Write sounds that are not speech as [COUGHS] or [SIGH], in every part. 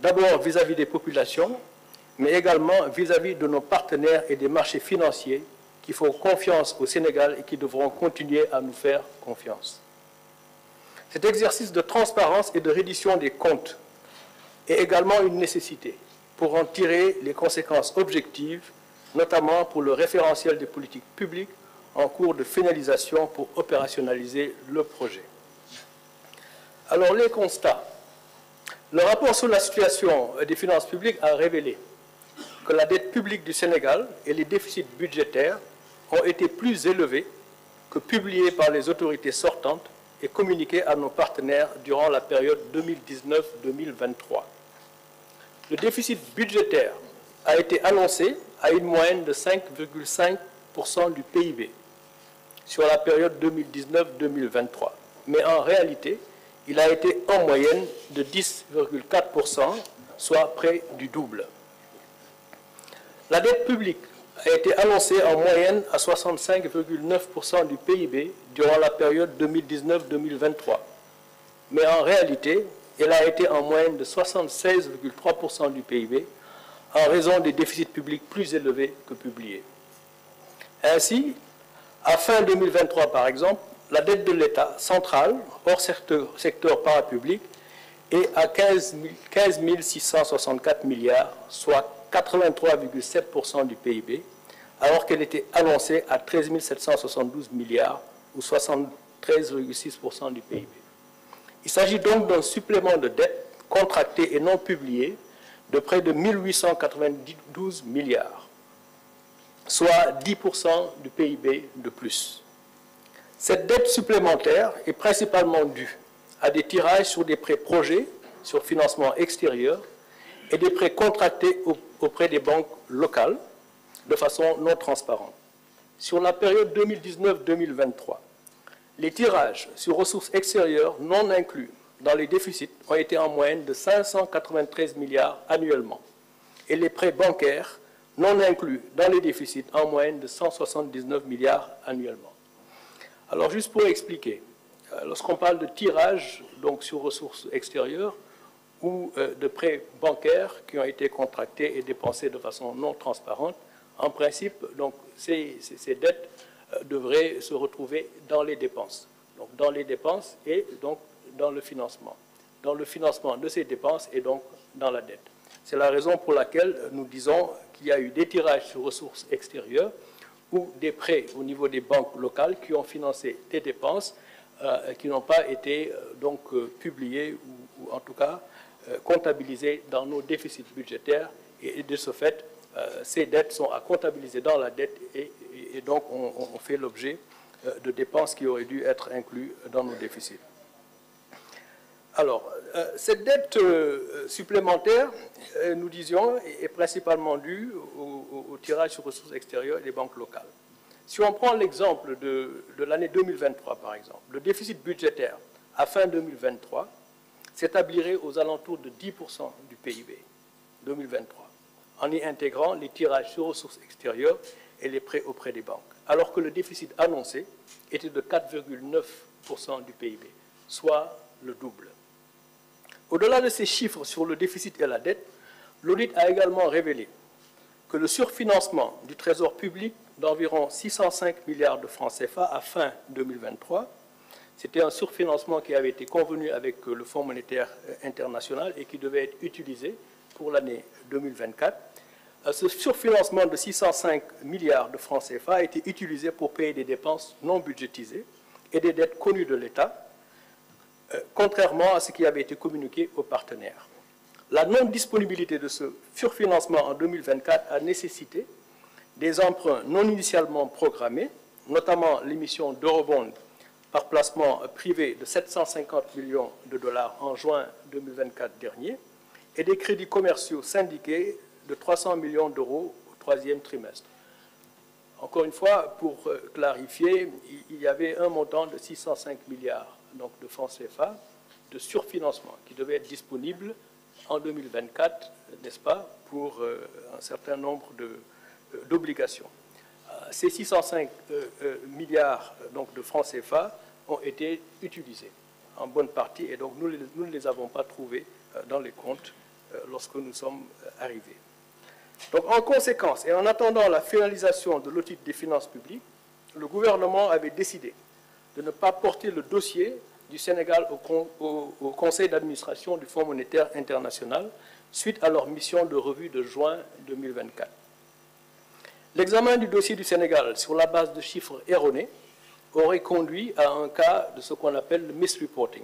D'abord vis-à-vis des populations, mais également vis-à-vis de nos partenaires et des marchés financiers qui font confiance au Sénégal et qui devront continuer à nous faire confiance. Cet exercice de transparence et de reddition des comptes est également une nécessité pour en tirer les conséquences objectives, notamment pour le référentiel des politiques publiques en cours de finalisation pour opérationnaliser le projet. Alors les constats le rapport sur la situation euh, des finances publiques a révélé que la dette publique du Sénégal et les déficits budgétaires ont été plus élevés que publiés par les autorités sortantes et communiqués à nos partenaires durant la période 2019-2023. Le déficit budgétaire a été annoncé à une moyenne de 5,5% du PIB sur la période 2019-2023. Mais en réalité, il a été en moyenne de 10,4%, soit près du double. La dette publique a été annoncée en moyenne à 65,9% du PIB durant la période 2019-2023. Mais en réalité, elle a été en moyenne de 76,3% du PIB en raison des déficits publics plus élevés que publiés. Ainsi, à fin 2023 par exemple, la dette de l'État central, hors secteur, parapublic, est à 15, 664 milliards, soit 83,7% du PIB, alors qu'elle était annoncée à 13 772 milliards, ou 73,6% du PIB. Il s'agit donc d'un supplément de dette contractée et non publiée de près de 1892 milliards, soit 10% du PIB de plus. Cette dette supplémentaire est principalement due à des tirages sur des prêts projets, sur financement extérieur, et des prêts contractés auprès des banques locales de façon non transparente. Sur la période 2019-2023, les tirages sur ressources extérieures non inclus dans les déficits ont été en moyenne de 593 milliards annuellement et les prêts bancaires non inclus dans les déficits en moyenne de 179 milliards annuellement. Alors juste pour expliquer, euh, lorsqu'on parle de tirage donc sur ressources extérieures ou euh, de prêts bancaires qui ont été contractés et dépensés de façon non transparente, en principe, ces, dettes euh, devraient se retrouver dans les dépenses. Donc, dans les dépenses et donc dans le financement. Dans le financement de ces dépenses et donc dans la dette. C'est la raison pour laquelle nous disons qu'il y a eu des tirages sur ressources extérieures ou des prêts au niveau des banques locales qui ont financé des dépenses euh, qui n'ont pas été euh, donc euh, publiées ou, en tout cas comptabilisées dans nos déficits budgétaires et, de ce fait ces dettes sont à comptabiliser dans la dette et, donc on, on fait l'objet de dépenses qui auraient dû être incluses dans nos déficits. Alors, euh, cette dette euh, supplémentaire, euh, nous disions, est, principalement due au, tirage sur ressources extérieures et des banques locales. Si on prend l'exemple de, de l'année 2023, par exemple, le déficit budgétaire à fin 2023 s'établirait aux alentours de 10% du PIB 2023, en y intégrant les tirages sur ressources extérieures et les prêts auprès des banques, alors que le déficit annoncé était de 4,9% du PIB, soit le double. Au-delà de ces chiffres sur le déficit et la dette, l'audit a également révélé que le surfinancement du trésor public d'environ 605 milliards de francs CFA à fin 2023, c'était un surfinancement qui avait été convenu avec euh, le Fonds monétaire euh, international et qui devait être utilisé pour l'année 2024. Euh, ce surfinancement de 605 milliards de francs CFA a été utilisé pour payer des dépenses non budgétisées et des dettes connues de l'État, euh, contrairement à ce qui avait été communiqué aux partenaires. La non-disponibilité de ce surfinancement en 2024 a nécessité des emprunts non initialement programmés, notamment l'émission d'eurobonds par placement privé de 750 millions de dollars en juin 2024 dernier, et des crédits commerciaux syndiqués de 300 millions d'euros au troisième trimestre. Encore une fois, pour euh, clarifier, il y avait un montant de 605 milliards de France CFA de surfinancement qui devait être disponible en 2024, n'est-ce pas, pour euh, un certain nombre euh, d'obligations. Euh, ces 605 milliards donc, de France CFA ont été utilisés en bonne partie et donc nous, ne les avons pas trouvés dans les comptes lorsque nous sommes arrivés. Donc en conséquence et en attendant la finalisation de l'audit des finances publiques, le gouvernement avait décidé de ne pas porter le dossier du Sénégal au, Conseil d'administration du Fonds monétaire international suite à leur mission de revue de juin 2024. L'examen du dossier du Sénégal sur la base de chiffres erronés aurait conduit à un cas de ce qu'on appelle le misreporting,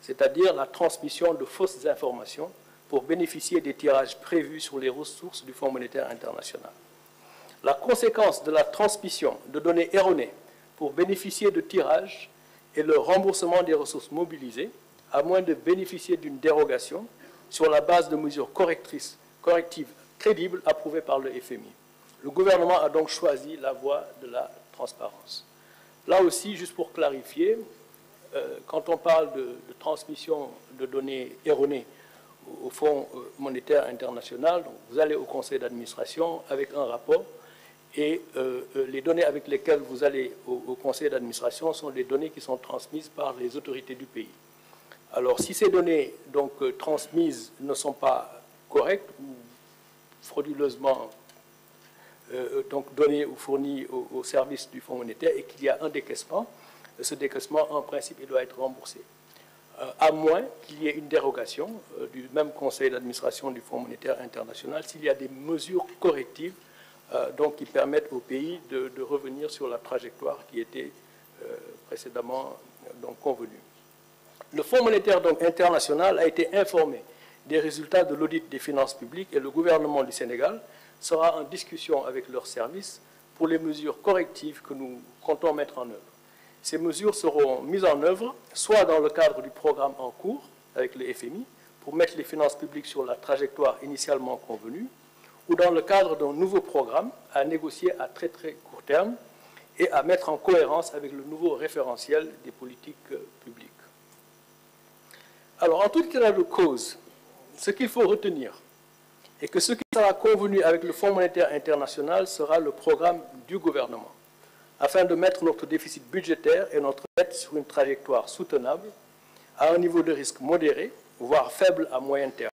c'est-à-dire la transmission de fausses informations pour bénéficier des tirages prévus sur les ressources du Fonds monétaire international. La conséquence de la transmission de données erronées pour bénéficier de tirages et le remboursement des ressources mobilisées, à moins de bénéficier d'une dérogation sur la base de mesures correctrices, correctives crédibles approuvées par le FMI. Le gouvernement a donc choisi la voie de la transparence. Là aussi, juste pour clarifier, euh, quand on parle de, transmission de données erronées au Fonds euh, monétaire international, donc vous allez au conseil d'administration avec un rapport et euh, euh, les données avec lesquelles vous allez au, conseil d'administration sont les données qui sont transmises par les autorités du pays. Alors, si ces données donc euh, transmises ne sont pas correctes ou frauduleusement donc données ou fournies au, service du Fonds monétaire et qu'il y a un décaissement, ce décaissement, en principe, il doit être remboursé. à moins qu'il y ait une dérogation du même conseil d'administration du Fonds monétaire international s'il y a des mesures correctives euh, donc qui permettent au pays de, revenir sur la trajectoire qui était euh, précédemment convenue. Le Fonds monétaire donc, international a été informé des résultats de l'audit des finances publiques et le gouvernement du Sénégal sera en discussion avec leurs services pour les mesures correctives que nous comptons mettre en œuvre. Ces mesures seront mises en œuvre soit dans le cadre du programme en cours avec le FMI pour mettre les finances publiques sur la trajectoire initialement convenue, ou dans le cadre d'un nouveau programme à négocier à très très court terme et à mettre en cohérence avec le nouveau référentiel des politiques publiques. Alors, en tout cas de cause, ce qu'il faut retenir est que ce qui sera convenu avec le Fonds monétaire international sera le programme du gouvernement, afin de mettre notre déficit budgétaire et notre dette sur une trajectoire soutenable, à un niveau de risque modéré, voire faible à moyen terme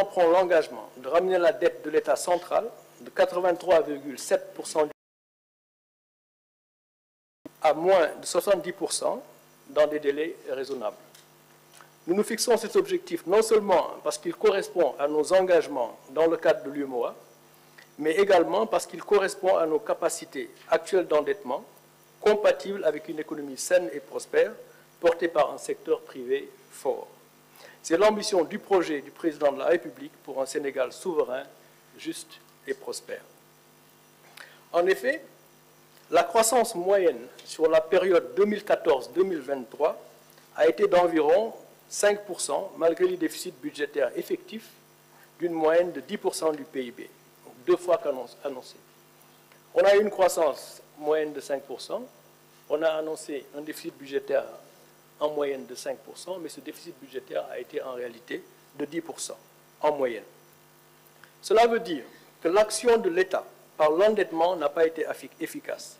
prend l'engagement de ramener la dette de l'État central de 83,7% à moins de 70% dans des délais raisonnables. Nous nous fixons cet objectif non seulement parce qu'il correspond à nos engagements dans le cadre de l'UMOA, mais également parce qu'il correspond à nos capacités actuelles d'endettement compatibles avec une économie saine et prospère portée par un secteur privé fort. C'est l'ambition du projet du président de la République pour un Sénégal souverain, juste et prospère. En effet, la croissance moyenne sur la période 2014-2023 a été d'environ 5%, malgré les déficits budgétaires effectifs d'une moyenne de 10% du PIB, deux fois qu'annoncé. On a eu une croissance moyenne de 5%, on a annoncé un déficit budgétaire en moyenne de 5%, mais ce déficit budgétaire a été en réalité de 10%, en moyenne. Cela veut dire que l'action de l'État par l'endettement n'a pas été efficace.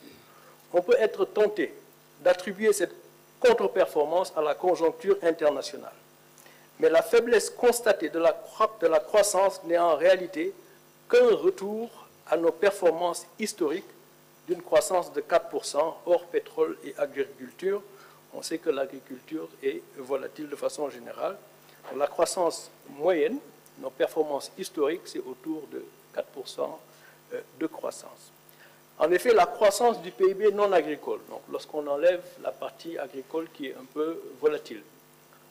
On peut être tenté d'attribuer cette contre-performance à la conjoncture internationale. Mais la faiblesse constatée de la, croissance n'est en réalité qu'un retour à nos performances historiques d'une croissance de 4% hors pétrole et agriculture, on sait que l'agriculture est volatile de façon générale. la croissance moyenne, nos performances historiques, c'est autour de 4% euh, de croissance. En effet, la croissance du PIB non agricole, donc lorsqu'on enlève la partie agricole qui est un peu volatile,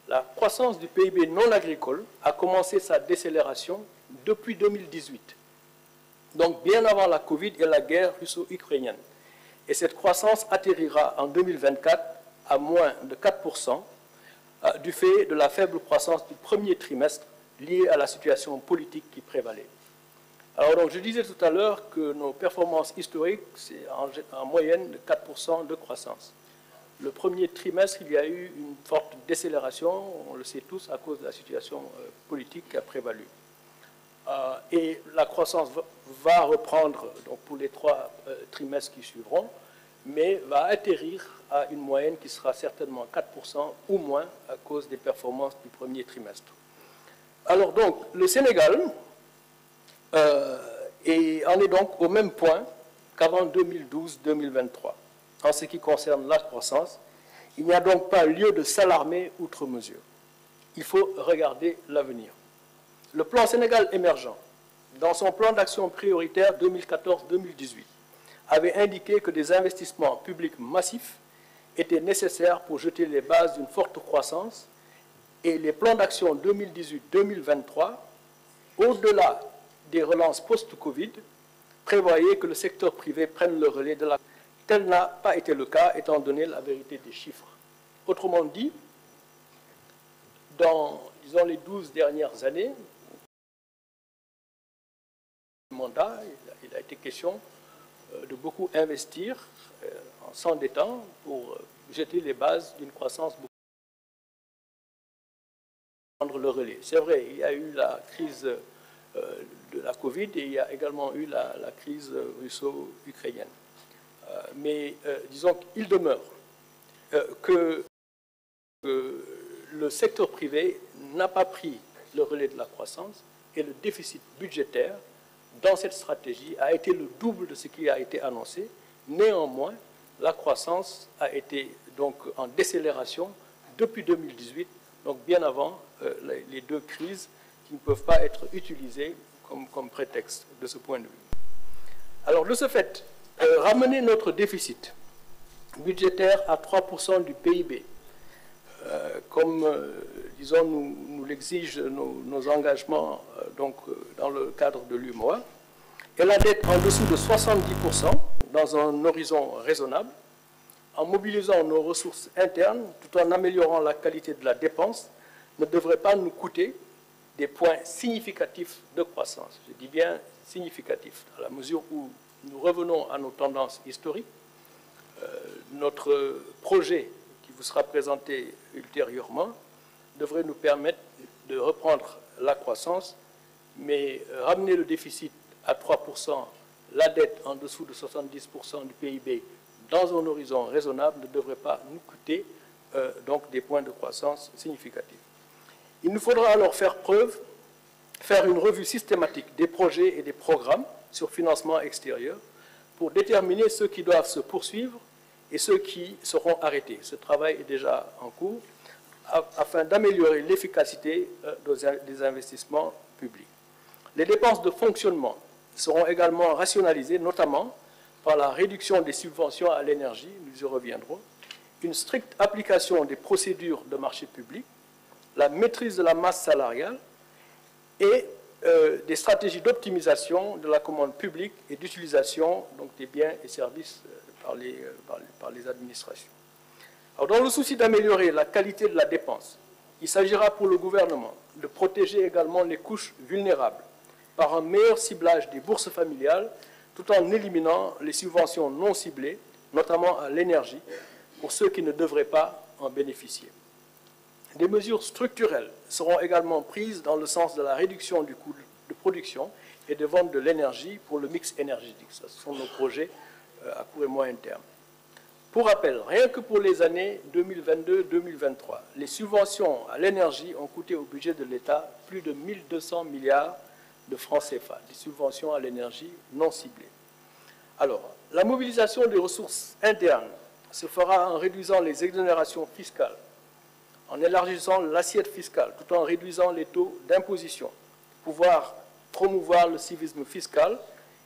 la croissance du PIB non agricole a commencé sa décélération depuis 2018, donc bien avant la Covid et la guerre russo-ukrainienne. Et cette croissance atterrira en 2024 à moins de 4% euh, du fait de la faible croissance du premier trimestre liée à la situation politique qui prévalait. Alors donc, je disais tout à l'heure que nos performances historiques, c'est en, moyenne de 4% de croissance. Le premier trimestre, il y a eu une forte décélération, on le sait tous, à cause de la situation euh, politique qui a prévalu. Euh, et la croissance va reprendre donc, pour les trois trimestres qui suivront, mais va atterrir à une moyenne qui sera certainement 4% ou moins à cause des performances du premier trimestre. Alors donc, le Sénégal euh, en est donc au même point qu'avant 2012-2023. En ce qui concerne la croissance, il n'y a donc pas lieu de s'alarmer outre mesure. Il faut regarder l'avenir. Le plan Sénégal émergent, dans son plan d'action prioritaire 2014-2018, avait indiqué que des investissements publics massifs étaient nécessaires pour jeter les bases d'une forte croissance et les plans d'action 2018-2023, au-delà des relances post-Covid, prévoyaient que le secteur privé prenne le relais de la... Tel n'a pas été le cas étant donné la vérité des chiffres. Autrement dit, dans disons, les 12 dernières années, mandat, il a été question euh, de beaucoup investir euh, en s'endettant pour euh, jeter les bases d'une croissance beaucoup prendre le relais. C'est vrai, il y a eu la crise de la Covid et il y a également eu la, crise russo-ukrainienne. Mais disons qu'il demeure que le secteur privé n'a pas pris le relais de la croissance et le déficit budgétaire dans cette stratégie a été le double de ce qui a été annoncé. Néanmoins, la croissance a été donc en décélération depuis 2018, donc bien avant euh, les deux crises qui ne peuvent pas être utilisées comme, prétexte de ce point de vue. Alors de ce fait, euh, ramener notre déficit budgétaire à 3% du PIB, euh, comme disons nous, exige nos, engagements euh, donc, euh, dans le cadre de l'UMOA, et la dette en dessous de 70% dans un horizon raisonnable, en mobilisant nos ressources internes tout en améliorant la qualité de la dépense, ne devrait pas nous coûter des points significatifs de croissance. Je dis bien significatifs, à la mesure où nous revenons à nos tendances historiques. Euh, notre projet, qui vous sera présenté ultérieurement, devrait nous permettre de reprendre la croissance, mais ramener le déficit à 3%, la dette en dessous de 70% du PIB dans un horizon raisonnable ne devrait pas nous coûter euh, donc des points de croissance significatifs. Il nous faudra alors faire preuve, faire une revue systématique des projets et des programmes sur financement extérieur pour déterminer ceux qui doivent se poursuivre et ceux qui seront arrêtés. Ce travail est déjà en cours afin d'améliorer l'efficacité euh, des investissements publics. Les dépenses de fonctionnement seront également rationalisées, notamment par la réduction des subventions à l'énergie, nous y reviendrons, une stricte application des procédures de marché public, la maîtrise de la masse salariale et euh, des stratégies d'optimisation de la commande publique et d'utilisation des biens et services euh, par les administrations dans le souci d'améliorer la qualité de la dépense, il s'agira pour le gouvernement de protéger également les couches vulnérables par un meilleur ciblage des bourses familiales tout en éliminant les subventions non ciblées, notamment à l'énergie, pour ceux qui ne devraient pas en bénéficier. Des mesures structurelles seront également prises dans le sens de la réduction du coût de production et de vente de l'énergie pour le mix énergétique. Ce sont nos projets euh, à court et moyen terme. Pour rappel, rien que pour les années 2022-2023, les subventions à l'énergie ont coûté au budget de l'État plus de 1 200 milliards de francs CFA, des subventions à l'énergie non ciblées. Alors, la mobilisation des ressources internes se fera en réduisant les exonérations fiscales, en élargissant l'assiette fiscale, tout en réduisant les taux d'imposition, pouvoir promouvoir le civisme fiscal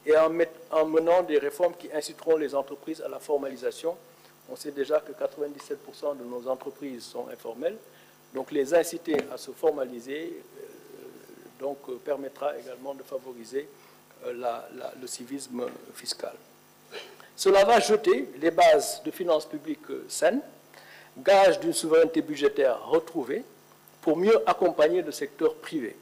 et en menant des réformes qui inciteront les entreprises à la formalisation on sait déjà que 97% de nos entreprises sont informelles. Donc les inciter à se formaliser euh, donc, euh, permettra également de favoriser euh, le civisme fiscal. Cela va jeter les bases de finances publiques saines, gage d'une souveraineté budgétaire retrouvée, pour mieux accompagner le secteur privé.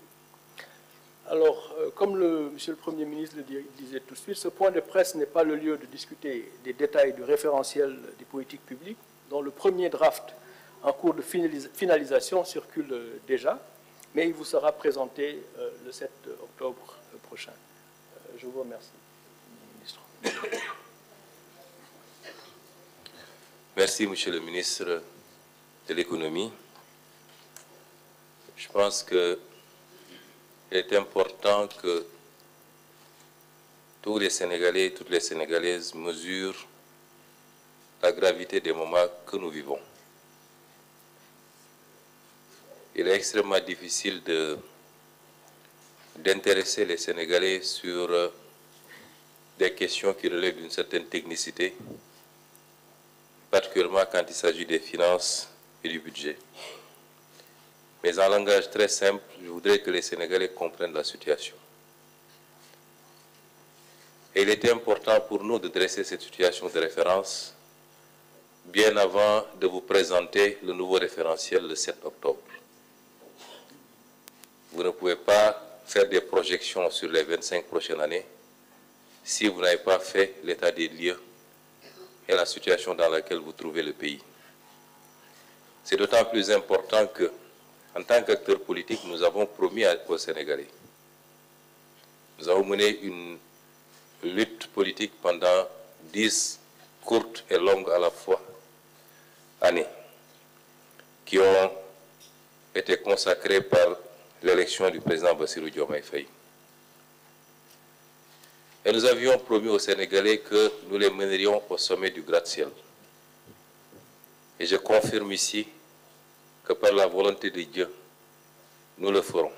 Alors, euh, comme le, Monsieur le Premier ministre le disait tout de suite, ce point de presse n'est pas le lieu de discuter des détails du référentiel des politiques publiques, dont le premier draft en cours de finalisation circule euh, déjà, mais il vous sera présenté euh, le 7 octobre prochain. je vous remercie, ministre. Merci, Monsieur le ministre de l'économie. Je pense que il est important que tous les Sénégalais et toutes les Sénégalaises mesurent la gravité des moments que nous vivons. Il est extrêmement difficile d'intéresser les Sénégalais sur euh, des questions qui relèvent d'une certaine technicité, particulièrement quand il s'agit des finances et du budget. Mais en langage très simple, je voudrais que les Sénégalais comprennent la situation. Et il était important pour nous de dresser cette situation de référence bien avant de vous présenter le nouveau référentiel le 7 octobre. Vous ne pouvez pas faire des projections sur les 25 prochaines années si vous n'avez pas fait l'état des lieux et la situation dans laquelle vous trouvez le pays. C'est d'autant plus important que en tant qu'acteur politique, nous avons promis aux Sénégalais. Nous avons mené une lutte politique pendant dix courtes et longues à la fois années qui ont été consacrées par l'élection du président Bassirou Diomaye Faye. Et nous avions promis aux Sénégalais que nous les menerions au sommet du gratte-ciel. Et je confirme ici que par la volonté de Dieu, nous le ferons.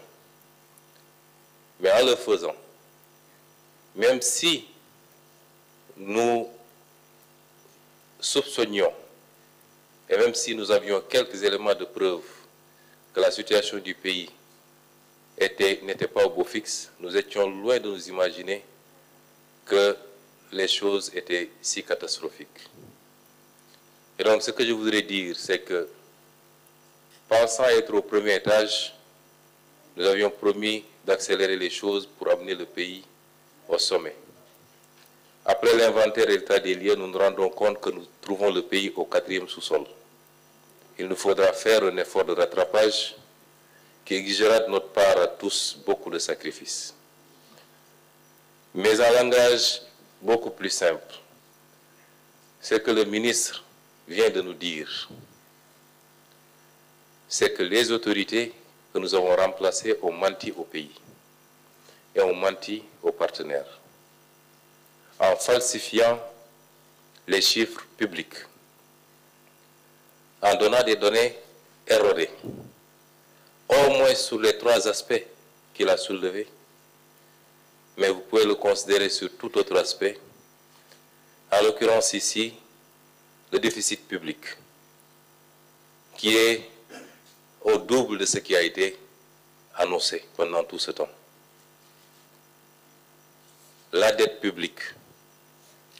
Mais en le faisant, même si nous soupçonnions, et même si nous avions quelques éléments de preuve que la situation du pays n'était pas au beau fixe, nous étions loin de nous imaginer que les choses étaient si catastrophiques. Et donc ce que je voudrais dire, c'est que Pensant être au premier étage, nous avions promis d'accélérer les choses pour amener le pays au sommet. Après l'inventaire et l'état des lieux, nous nous rendons compte que nous trouvons le pays au quatrième sous-sol. Il nous faudra faire un effort de rattrapage qui exigera de notre part à tous beaucoup de sacrifices. Mais un langage beaucoup plus simple, c'est que le ministre vient de nous dire c'est que les autorités que nous avons remplacées ont menti au pays et ont menti aux partenaires en falsifiant les chiffres publics, en donnant des données erronées, au moins sur les trois aspects qu'il a soulevés, mais vous pouvez le considérer sur tout autre aspect, en l'occurrence ici, le déficit public, qui est au double de ce qui a été annoncé pendant tout ce temps. La dette publique,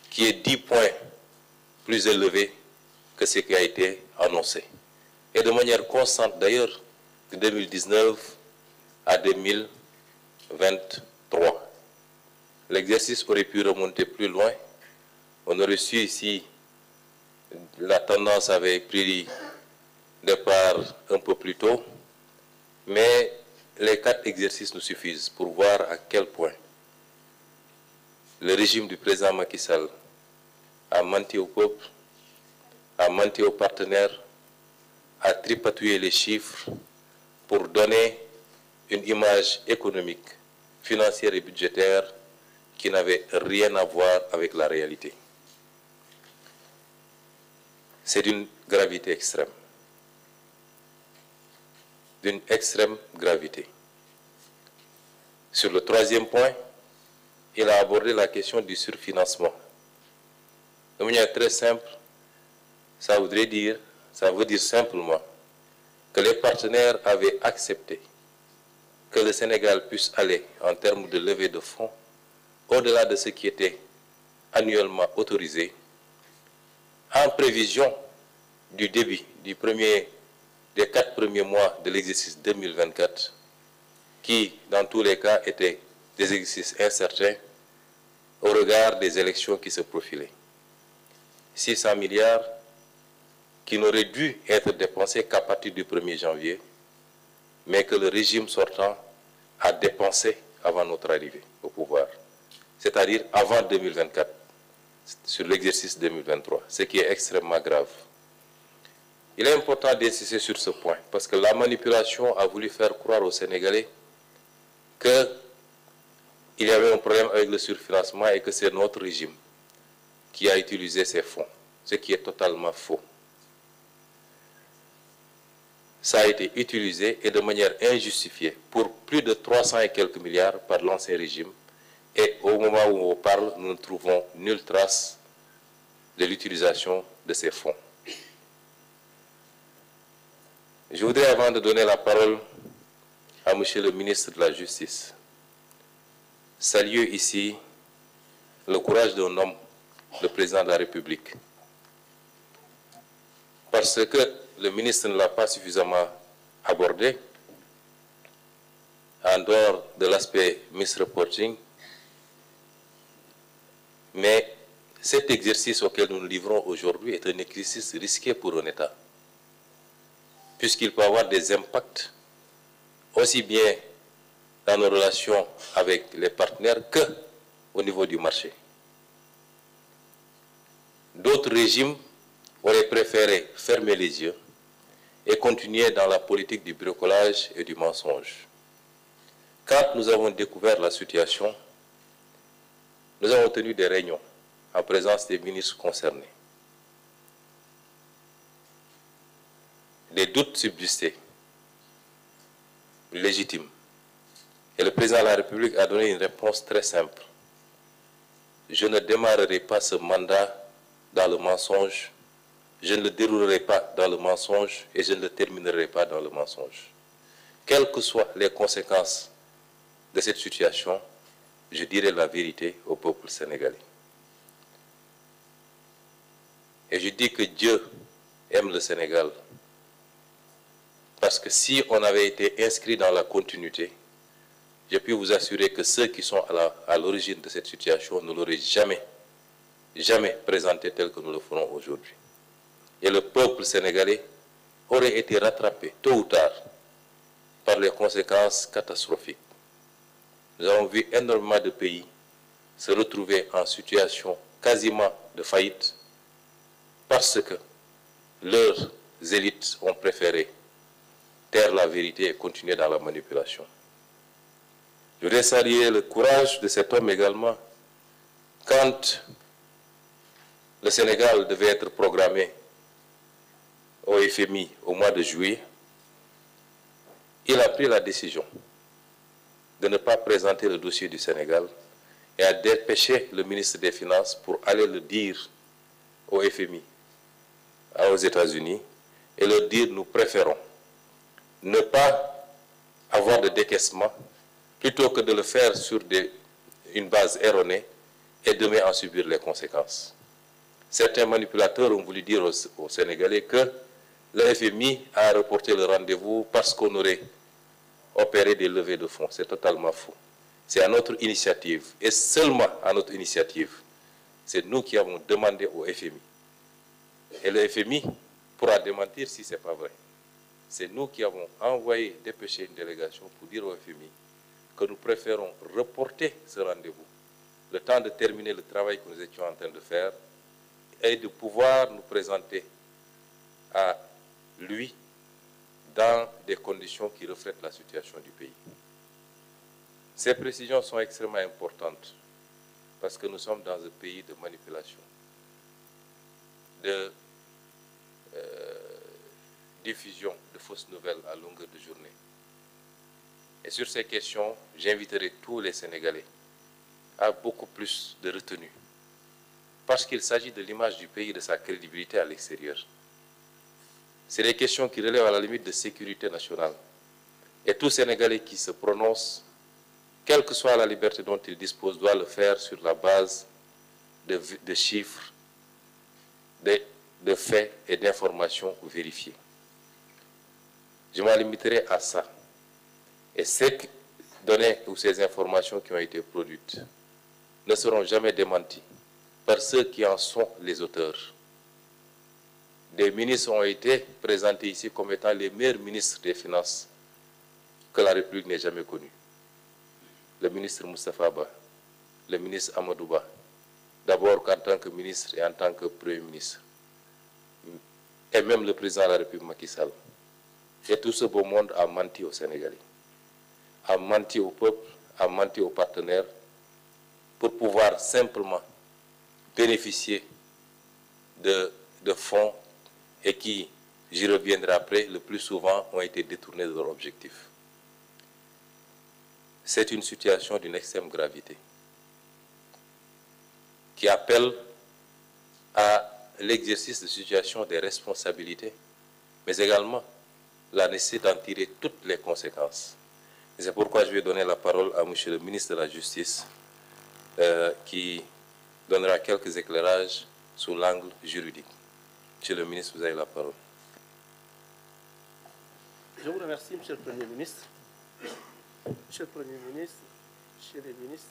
qui est 10 points plus élevée que ce qui a été annoncé. Et de manière constante d'ailleurs, de 2019 à 2023. L'exercice aurait pu remonter plus loin. On aurait su ici la tendance avait pris départ un peu plus tôt, mais les quatre exercices nous suffisent pour voir à quel point le régime du président Macky Sall a menti au peuple, a menti aux partenaires, a tripatouillé les chiffres pour donner une image économique, financière et budgétaire qui n'avait rien à voir avec la réalité. C'est d'une gravité extrême d'une extrême gravité. Sur le troisième point, il a abordé la question du surfinancement. De manière très simple, ça voudrait dire, ça veut dire simplement que les partenaires avaient accepté que le Sénégal puisse aller en termes de levée de fonds au-delà de ce qui était annuellement autorisé en prévision du débit du premier des quatre premiers mois de l'exercice 2024, qui, dans tous les cas, étaient des exercices incertains au regard des élections qui se profilaient. 600 milliards qui n'auraient dû être dépensés qu'à partir du 1er janvier, mais que le régime sortant a dépensé avant notre arrivée au pouvoir, c'est-à-dire avant 2024, sur l'exercice 2023, ce qui est extrêmement grave. Il est important d'insister sur ce point, parce que la manipulation a voulu faire croire aux Sénégalais qu'il y avait un problème avec le surfinancement et que c'est notre régime qui a utilisé ces fonds, ce qui est totalement faux. Ça a été utilisé et de manière injustifiée pour plus de 300 et quelques milliards par l'ancien régime. Et au moment où on parle, nous ne trouvons nulle trace de l'utilisation de ces fonds. Je voudrais, avant de donner la parole à M. le ministre de la Justice, saluer ici le courage d'un homme, le président de la République. Parce que le ministre ne l'a pas suffisamment abordé, en dehors de l'aspect misreporting, mais cet exercice auquel nous nous livrons aujourd'hui est un exercice risqué pour un État puisqu'il peut avoir des impacts aussi bien dans nos relations avec les partenaires que au niveau du marché. D'autres régimes auraient préféré fermer les yeux et continuer dans la politique du bricolage et du mensonge. Quand nous avons découvert la situation, nous avons tenu des réunions en présence des ministres concernés. des doutes subsistaient, légitimes. Et le président de la République a donné une réponse très simple. Je ne démarrerai pas ce mandat dans le mensonge, je ne le déroulerai pas dans le mensonge et je ne le terminerai pas dans le mensonge. Quelles que soient les conséquences de cette situation, je dirai la vérité au peuple sénégalais. Et je dis que Dieu aime le Sénégal parce que si on avait été inscrit dans la continuité, je peux vous assurer que ceux qui sont à l'origine de cette situation ne l'auraient jamais, jamais présenté tel que nous le ferons aujourd'hui. Et le peuple sénégalais aurait été rattrapé tôt ou tard par les conséquences catastrophiques. Nous avons vu énormément de pays se retrouver en situation quasiment de faillite parce que leurs élites ont préféré la vérité et continuer dans la manipulation. Je voudrais saluer le courage de cet homme également. Quand le Sénégal devait être programmé au FMI au mois de juillet, il a pris la décision de ne pas présenter le dossier du Sénégal et a dépêché le ministre des Finances pour aller le dire au FMI, aux États-Unis, et leur dire nous préférons ne pas avoir de décaissement plutôt que de le faire sur une base erronée et de en subir les conséquences. Certains manipulateurs ont voulu dire aux, Sénégalais que le FMI a reporté le rendez-vous parce qu'on aurait opéré des levées de fonds. C'est totalement faux. C'est à notre initiative et seulement à notre initiative. C'est nous qui avons demandé au FMI. Et le FMI pourra démentir si ce n'est pas vrai. C'est nous qui avons envoyé, dépêché une délégation pour dire au FMI que nous préférons reporter ce rendez-vous, le temps de terminer le travail que nous étions en train de faire et de pouvoir nous présenter à lui dans des conditions qui reflètent la situation du pays. Ces précisions sont extrêmement importantes parce que nous sommes dans un pays de manipulation, de euh, diffusion de fausses nouvelles à longueur de journée. Et sur ces questions, j'inviterai tous les Sénégalais à beaucoup plus de retenue, parce qu'il s'agit de l'image du pays et de sa crédibilité à l'extérieur. C'est des questions qui relèvent à la limite de sécurité nationale. Et tout Sénégalais qui se prononce, quelle que soit la liberté dont il dispose, doit le faire sur la base de, chiffres, de faits et d'informations vérifiées. Je m'en limiterai à ça. Et ces données ou ces informations qui ont été produites ne seront jamais démenties par ceux qui en sont les auteurs. Des ministres ont été présentés ici comme étant les meilleurs ministres des Finances que la République n'ait jamais connus. Le ministre Moustapha Ba, le ministre Amadouba, d'abord en tant que ministre et en tant que Premier ministre, et même le président de la République Macky Sall. Et tout ce beau monde a menti aux Sénégalais, a menti au peuple, a menti aux partenaires pour pouvoir simplement bénéficier de, de fonds et qui, j'y reviendrai après, le plus souvent ont été détournés de leur objectif. C'est une situation d'une extrême gravité qui appelle à l'exercice de situations des responsabilités, mais également la nécessité d'en tirer toutes les conséquences. C'est pourquoi je vais donner la parole à M. le ministre de la Justice, euh, qui donnera quelques éclairages sur l'angle juridique. Monsieur le ministre, vous avez la parole. Je vous remercie, Monsieur le Premier ministre. Monsieur le Premier ministre, Monsieur le ministre,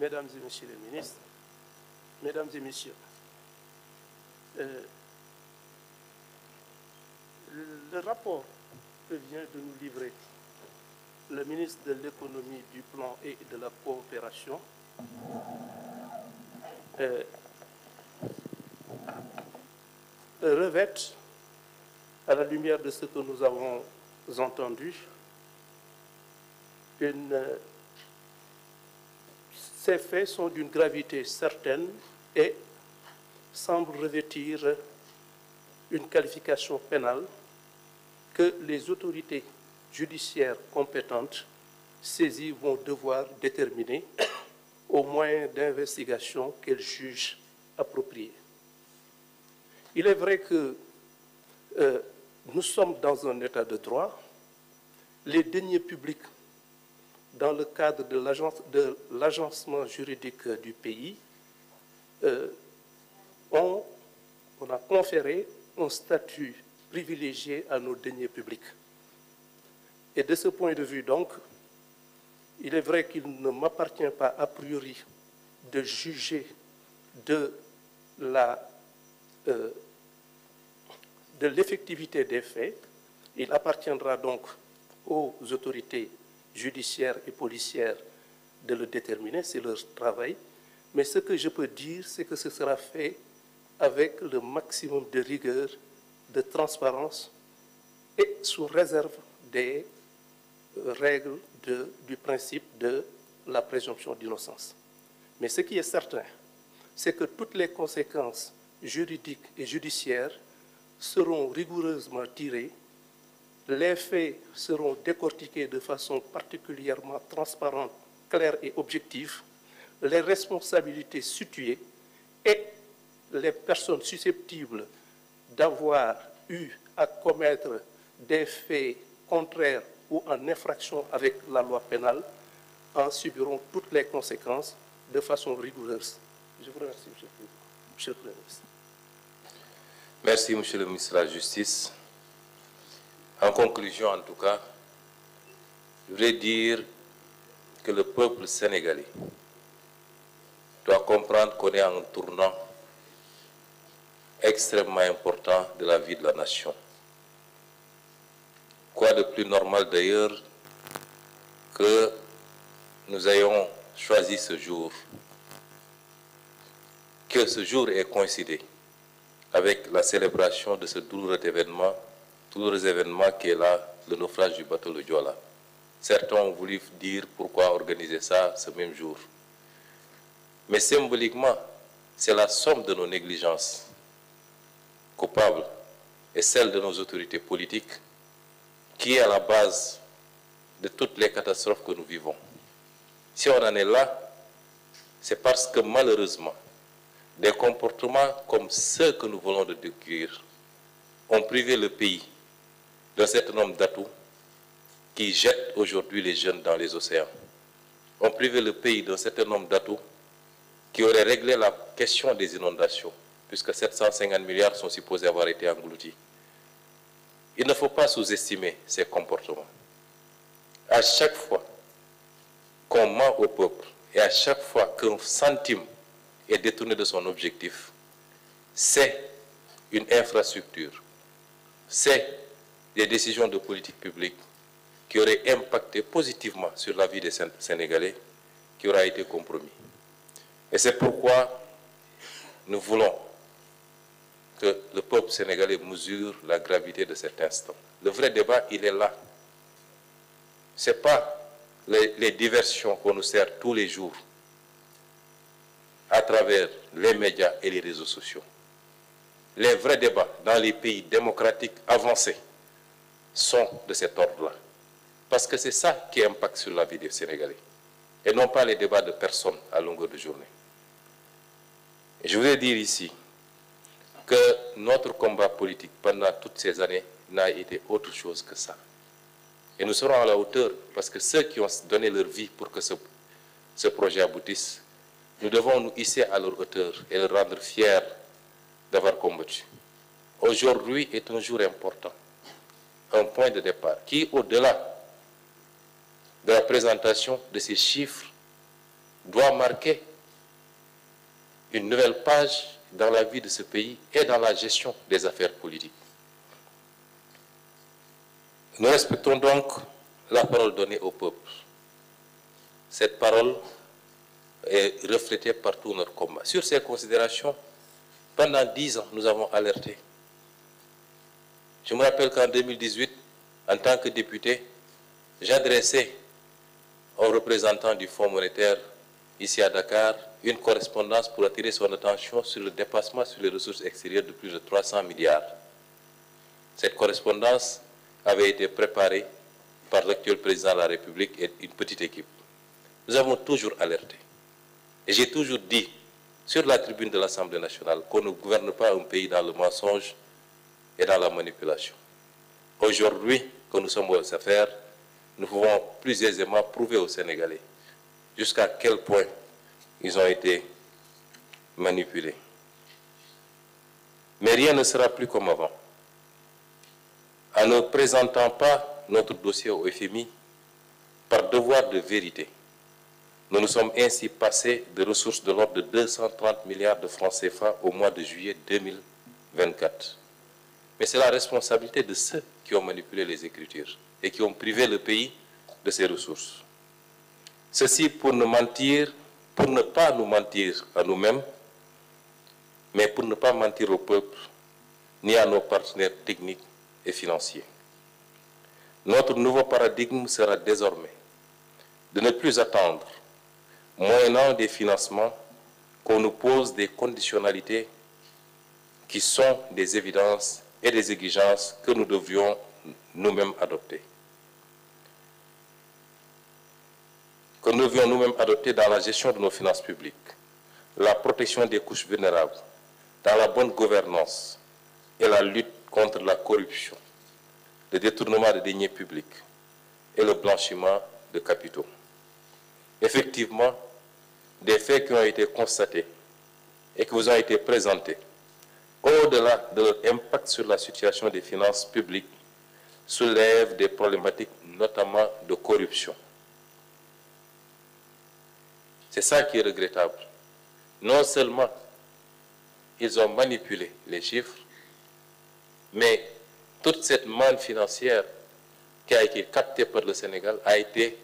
Mesdames et Messieurs les ministres, Mesdames et Messieurs, euh, le, rapport que vient de nous livrer le ministre de l'économie, du plan et de la coopération euh, revêt, à la lumière de ce que nous avons entendu, euh, ces faits sont d'une gravité certaine et semblent revêtir une qualification pénale que les autorités judiciaires compétentes saisies vont devoir déterminer au moyen d'investigations qu'elles jugent appropriées. Il est vrai que euh, nous sommes dans un état de droit. Les deniers publics, dans le cadre de l'agencement juridique du pays, euh, ont, on a conféré un statut privilégié à nos deniers publics. Et de ce point de vue, donc, il est vrai qu'il ne m'appartient pas a priori de juger de la euh, de l'effectivité des faits. Il appartiendra donc aux autorités judiciaires et policières de le déterminer, c'est leur travail. Mais ce que je peux dire, c'est que ce sera fait avec le maximum de rigueur de transparence et sous réserve des euh, règles du principe de la présomption d'innocence. Mais ce qui est certain, c'est que toutes les conséquences juridiques et judiciaires seront rigoureusement tirées, les faits seront décortiqués de façon particulièrement transparente, claire et objective, les responsabilités situées et les personnes susceptibles d'avoir eu à commettre des faits contraires ou en infraction avec la loi pénale en subiront toutes les conséquences de façon rigoureuse. Je vous remercie, Monsieur le Président. Merci, Monsieur le ministre de la Justice. En conclusion, en tout cas, je voudrais dire que le peuple sénégalais doit comprendre qu'on est en tournant extrêmement important de la vie de la nation. Quoi de plus normal d'ailleurs que nous ayons choisi ce jour, que ce jour ait coïncidé avec la célébration de ce douloureux événement, douloureux événement qui est là, le naufrage du bateau de Diola. Certains ont voulu dire pourquoi organiser ça ce même jour. Mais symboliquement, c'est la somme de nos négligences coupable est celle de nos autorités politiques, qui est à la base de toutes les catastrophes que nous vivons. Si on en est là, c'est parce que malheureusement, des comportements comme ceux que nous voulons de décrire ont privé le pays d'un certain nombre d'atouts qui jettent aujourd'hui les jeunes dans les océans, ont privé le pays d'un certain nombre d'atouts qui auraient réglé la question des inondations, puisque 750 milliards sont supposés avoir été engloutis. Il ne faut pas sous-estimer ces comportements. À chaque fois qu'on ment au peuple et à chaque fois qu'un centime est détourné de son objectif, c'est une infrastructure, c'est des décisions de politique publique qui auraient impacté positivement sur la vie des Sénégalais qui aura été compromis. Et c'est pourquoi nous voulons que le peuple sénégalais mesure la gravité de cet instant. Le vrai débat, il est là. Ce n'est pas les, diversions qu'on nous sert tous les jours à travers les médias et les réseaux sociaux. Les vrais débats dans les pays démocratiques avancés sont de cet ordre-là. Parce que c'est ça qui impacte sur la vie des Sénégalais. Et non pas les débats de personnes à longueur de journée. je voudrais dire ici que notre combat politique pendant toutes ces années n'a été autre chose que ça. Et nous serons à la hauteur parce que ceux qui ont donné leur vie pour que ce, ce projet aboutisse, nous devons nous hisser à leur hauteur et leur rendre fiers d'avoir combattu. Aujourd'hui est un jour important, un point de départ qui, au-delà de la présentation de ces chiffres, doit marquer une nouvelle page dans la vie de ce pays et dans la gestion des affaires politiques. Nous respectons donc la parole donnée au peuple. Cette parole est reflétée partout tout notre combat. Sur ces considérations, pendant dix ans, nous avons alerté. Je me rappelle qu'en 2018, en tant que député, j'adressais aux représentants du Fonds monétaire ici à Dakar, une correspondance pour attirer son attention sur le dépassement sur les ressources extérieures de plus de 300 milliards. Cette correspondance avait été préparée par l'actuel président de la République et une petite équipe. Nous avons toujours alerté. Et j'ai toujours dit, sur la tribune de l'Assemblée nationale, qu'on ne gouverne pas un pays dans le mensonge et dans la manipulation. Aujourd'hui, quand nous sommes aux affaires, nous pouvons plus aisément prouver aux Sénégalais jusqu'à quel point ils ont été manipulés. Mais rien ne sera plus comme avant. En ne présentant pas notre dossier au FMI par devoir de vérité, nous nous sommes ainsi passés des ressources de l'ordre de 230 milliards de francs CFA au mois de juillet 2024. Mais c'est la responsabilité de ceux qui ont manipulé les écritures et qui ont privé le pays de ses ressources. Ceci pour nous mentir, pour ne pas nous mentir à nous-mêmes, mais pour ne pas mentir au peuple ni à nos partenaires techniques et financiers. Notre nouveau paradigme sera désormais de ne plus attendre, moyennant des financements, qu'on nous pose des conditionnalités qui sont des évidences et des exigences que nous devions nous-mêmes adopter. que nous devions nous-mêmes adopter dans la gestion de nos finances publiques, la protection des couches vulnérables, dans la bonne gouvernance et la lutte contre la corruption, le détournement des deniers publics et le blanchiment de capitaux. Effectivement, des faits qui ont été constatés et qui vous ont été présentés, au-delà de leur impact sur la situation des finances publiques, soulèvent des problématiques notamment de corruption c'est ça qui est regrettable. Non seulement ils ont manipulé les chiffres, mais toute cette manne financière qui a été captée par le Sénégal a été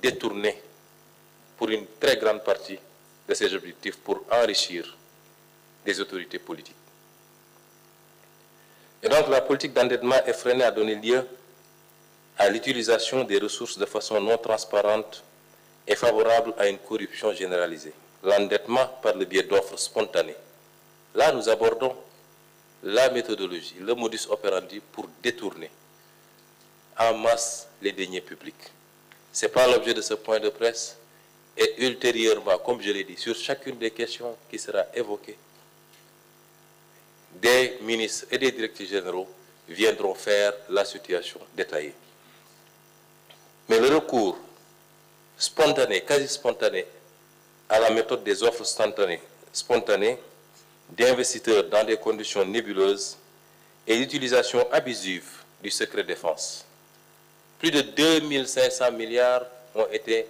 détournée pour une très grande partie de ses objectifs pour enrichir des autorités politiques. Et donc la politique d'endettement effrénée a donné lieu à l'utilisation des ressources de façon non transparente est favorable à une corruption généralisée, l'endettement par le biais d'offres spontanées. Là, nous abordons la méthodologie, le modus operandi pour détourner en masse les deniers publics. Ce n'est pas l'objet de ce point de presse. Et ultérieurement, comme je l'ai dit, sur chacune des questions qui sera évoquée, des ministres et des directeurs généraux viendront faire la situation détaillée. Mais le recours spontanée, quasi spontanée, à la méthode des offres spontanées, spontanées d'investisseurs dans des conditions nébuleuses et l'utilisation abusive du secret défense. Plus de 2500 milliards ont été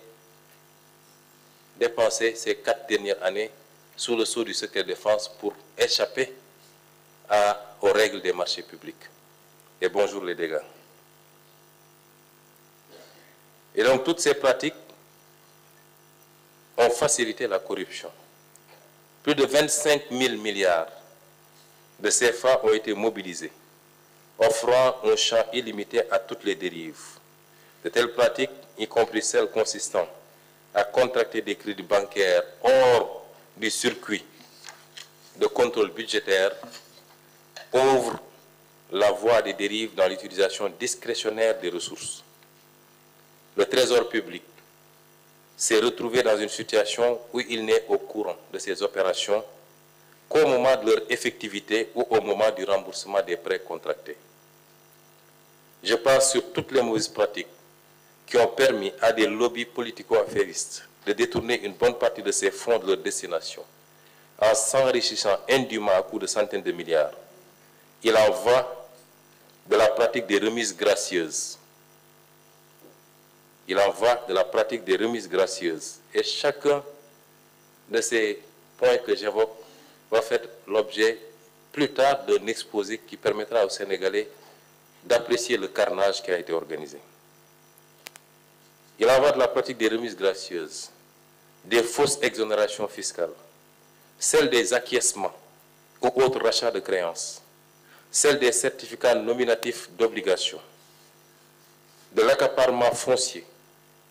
dépensés ces quatre dernières années sous le sceau du secret défense pour échapper aux règles des marchés publics. Et bonjour les dégâts. Et donc toutes ces pratiques ont facilité la corruption. Plus de 25 000 milliards de CFA ont été mobilisés, offrant un champ illimité à toutes les dérives. De telles pratiques, y compris celles consistant à contracter des crédits bancaires hors du circuit de contrôle budgétaire, ouvrent la voie des dérives dans l'utilisation discrétionnaire des ressources. Le Trésor public s'est retrouvé dans une situation où il n'est au courant de ces opérations qu'au moment de leur effectivité ou au moment du remboursement des prêts contractés. Je pense sur toutes les mauvaises pratiques qui ont permis à des lobbies politico-affairistes de détourner une bonne partie de ces fonds de leur destination en s'enrichissant indûment à coût de centaines de milliards. Il en va de la pratique des remises gracieuses il en va de la pratique des remises gracieuses. Et chacun de ces points que j'évoque va faire l'objet plus tard d'un exposé qui permettra aux Sénégalais d'apprécier le carnage qui a été organisé. Il en va de la pratique des remises gracieuses, des fausses exonérations fiscales, celle des acquiescements ou autres rachats de créances, celle des certificats nominatifs d'obligation, de l'accaparement foncier,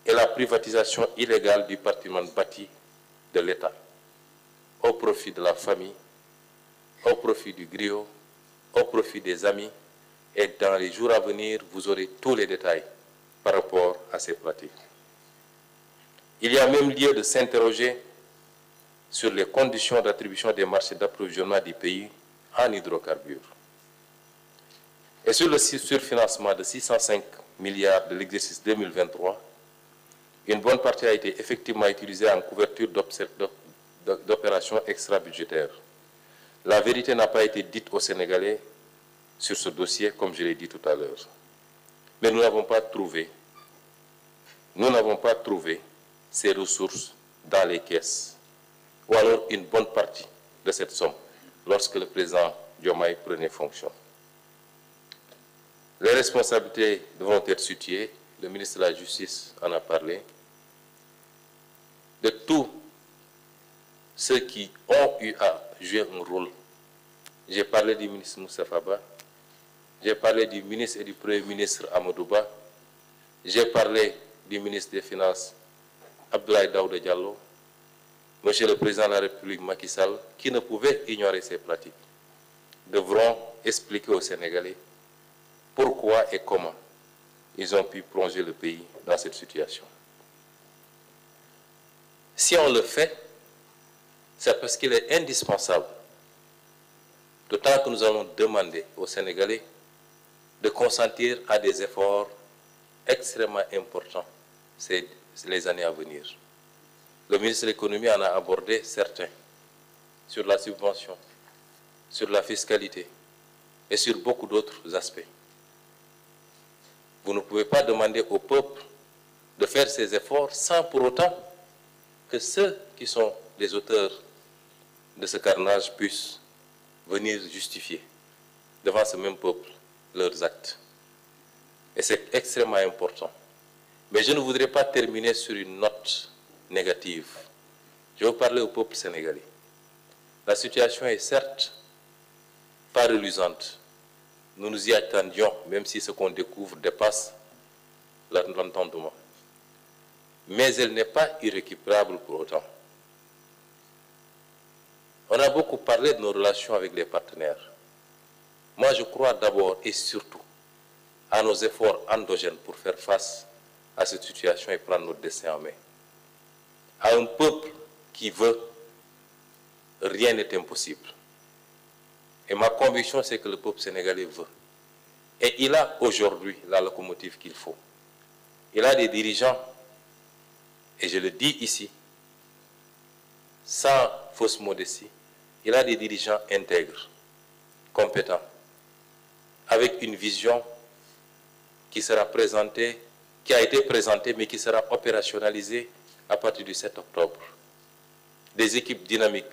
et la privatisation illégale du patrimoine bâti de l'État au profit de la famille, au profit du griot, au profit des amis et dans les jours à venir, vous aurez tous les détails par rapport à ces pratiques. Il y a même lieu de s'interroger sur les conditions d'attribution des marchés d'approvisionnement du pays en hydrocarbures. Et sur le surfinancement de 605 milliards de l'exercice 2023, une bonne partie a été effectivement utilisée en couverture d'opérations extra-budgétaires. La vérité n'a pas été dite aux Sénégalais sur ce dossier, comme je l'ai dit tout à l'heure. Mais nous n'avons pas trouvé, nous n'avons pas trouvé ces ressources dans les caisses, ou alors une bonne partie de cette somme, lorsque le président Diomaye prenait fonction. Les responsabilités devront être situées le ministre de la Justice en a parlé, de tous ceux qui ont eu à jouer un rôle. J'ai parlé du ministre Moussa Faba, j'ai parlé du ministre et du Premier ministre Amadouba, j'ai parlé du ministre des Finances Abdoulaye Daouda Diallo, Monsieur le Président de la République Macky Sall, qui ne pouvait ignorer ces pratiques, devront expliquer aux Sénégalais pourquoi et comment ils ont pu plonger le pays dans cette situation. Si on le fait, c'est parce qu'il est indispensable, d'autant que nous allons demander aux Sénégalais de consentir à des efforts extrêmement importants les années à venir. Le ministre de l'économie en a abordé certains sur la subvention, sur la fiscalité et sur beaucoup d'autres aspects. Vous ne pouvez pas demander au peuple de faire ses efforts sans pour autant que ceux qui sont les auteurs de ce carnage puissent venir justifier devant ce même peuple leurs actes. Et c'est extrêmement important. Mais je ne voudrais pas terminer sur une note négative. Je veux parler au peuple sénégalais. La situation est certes pas reluisante, nous nous y attendions, même si ce qu'on découvre dépasse l'entendement. Mais elle n'est pas irrécupérable pour autant. On a beaucoup parlé de nos relations avec les partenaires. Moi, je crois d'abord et surtout à nos efforts endogènes pour faire face à cette situation et prendre notre destin en main. À un peuple qui veut, rien n'est impossible. Et ma conviction, c'est que le peuple sénégalais veut. Et il a aujourd'hui la locomotive qu'il faut. Il a des dirigeants, et je le dis ici, sans fausse modestie, il a des dirigeants intègres, compétents, avec une vision qui sera présentée, qui a été présentée, mais qui sera opérationnalisée à partir du 7 octobre. Des équipes dynamiques,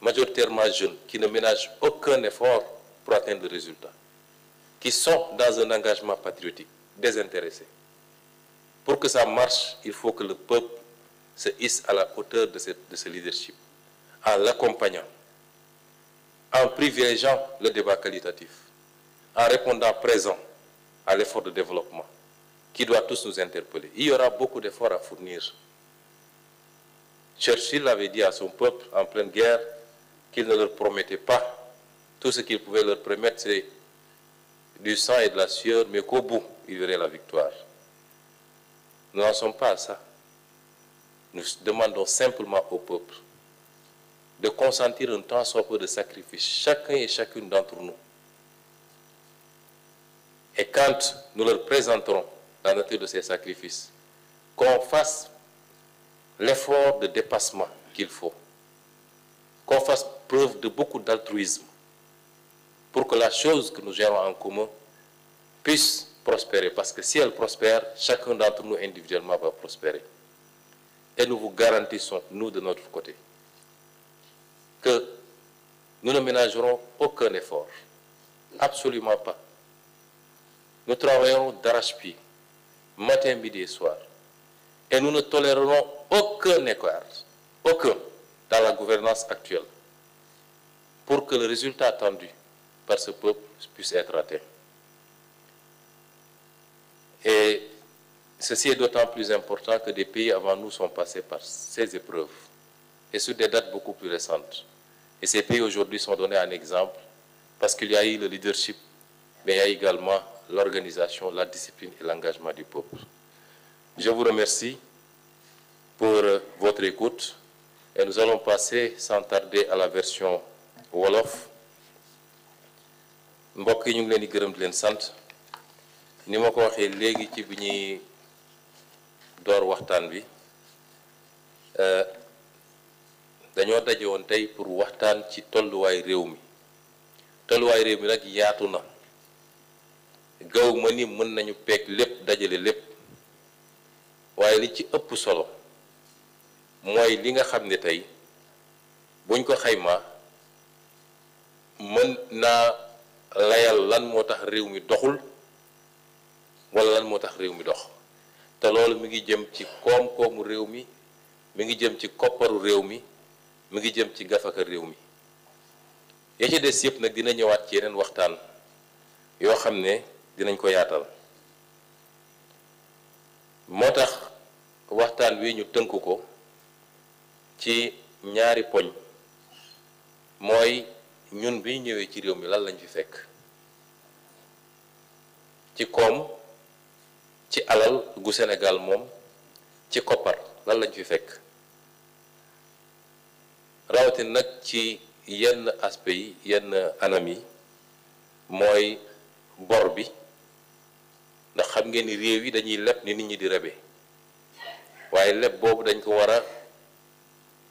majoritairement jeunes, qui ne ménagent aucun effort pour atteindre le résultat, qui sont dans un engagement patriotique, désintéressé. Pour que ça marche, il faut que le peuple se hisse à la hauteur de ce, de ce leadership, en l'accompagnant, en privilégiant le débat qualitatif, en répondant présent à l'effort de développement qui doit tous nous interpeller. Il y aura beaucoup d'efforts à fournir. Churchill avait dit à son peuple en pleine guerre, qu'ils ne leur promettaient pas. Tout ce qu'ils pouvaient leur promettre, c'est du sang et de la sueur, mais qu'au bout, ils verraient la victoire. Nous n'en sommes pas à ça. Nous demandons simplement au peuple de consentir un temps soit peu de sacrifices chacun et chacune d'entre nous. Et quand nous leur présenterons la nature de ces sacrifices, qu'on fasse l'effort de dépassement qu'il faut, qu'on fasse preuve de beaucoup d'altruisme pour que la chose que nous gérons en commun puisse prospérer. Parce que si elle prospère, chacun d'entre nous individuellement va prospérer. Et nous vous garantissons, nous de notre côté, que nous ne ménagerons aucun effort. Absolument pas. Nous travaillerons d'arrache-pied, matin, midi et soir. Et nous ne tolérerons aucun écart, aucun, dans la gouvernance actuelle pour que le résultat attendu par ce peuple puisse être atteint. Et ceci est d'autant plus important que des pays avant nous sont passés par ces épreuves et sur des dates beaucoup plus récentes. Et ces pays aujourd'hui sont donnés un exemple parce qu'il y a eu le leadership, mais il y a également l'organisation, la discipline et l'engagement du peuple. Je vous remercie pour votre écoute et nous allons passer sans tarder à la version wolof mbokk yi ñu ngi leen di gërëm di leen sant ni ma ko waxee léegi ci bi ñuy door waxtaan bi euh, dañoo daje woon tey pour waxtaan ci tolluwaay réew mi tolluwaay réew mi nag yaatu na gaw ma ni mën nañu peeg lépp dajale lépp waaye li ci ëpp solo mooy li nga xam ne tey buñ ko xayma mën naa layal lan moo tax réew mi doxul wala lan moo tax réew mi dox te loolu mi ngi jëm ci koom-koomu réew mi mi ngi jëm ci kopparu réew mi mi ngi jëm ci gafaka réew mi ya ci des yëpp nag dina ñëwaat ci yeneen waxtaan yoo xam ne dinañ ko yaatal moo tax waxtaan wi ñu tënk ko ci ñaari poñ mooy ñun bi ñëwee ci réew mi lan lañ fi fekk ci koom ci alal gu Sénégal moom ci koppar lan lañ fi fekk rawatina nag ci yenn aspect yi yenn anam yi mooy bor bi ndax xam ngeen ni réew yi dañuy leb ni nit ñi di rebe waaye leb boobu dañ ko war a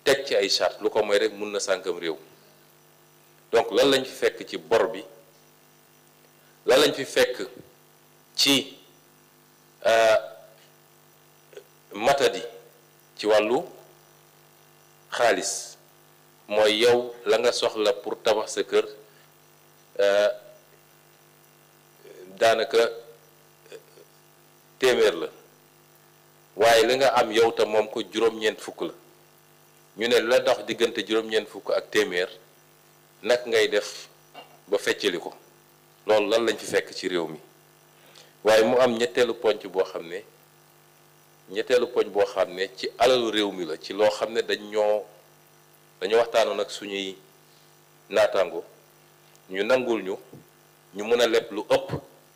teg ci ay charte lu ko moy rek mun na sànkam réew donc lan lañ fi fekk ci bor bi lan lañ fi fekk ci euh, matadi ci wàllu xaalis mooy yow la nga soxla pour tabax sa kër euh, daanaka téeméer la waaye li nga am yow te moom ko juróom-ñeent fukk la ñu ne la dox diggante juróom-ñeent fukk ak téeméer nag ngay def ba feccali ko loolu lan lañ fi fekk ci réew mi waaye mu am ñetteelu ponc boo xam ne ñetteelu poñ boo xam ne ci alalu réew mi la ci loo xam ne dañ ñoo dañoo waxtaanoon ak suñuy naataango ñu nangul ñu ñu mën a leb lu ëpp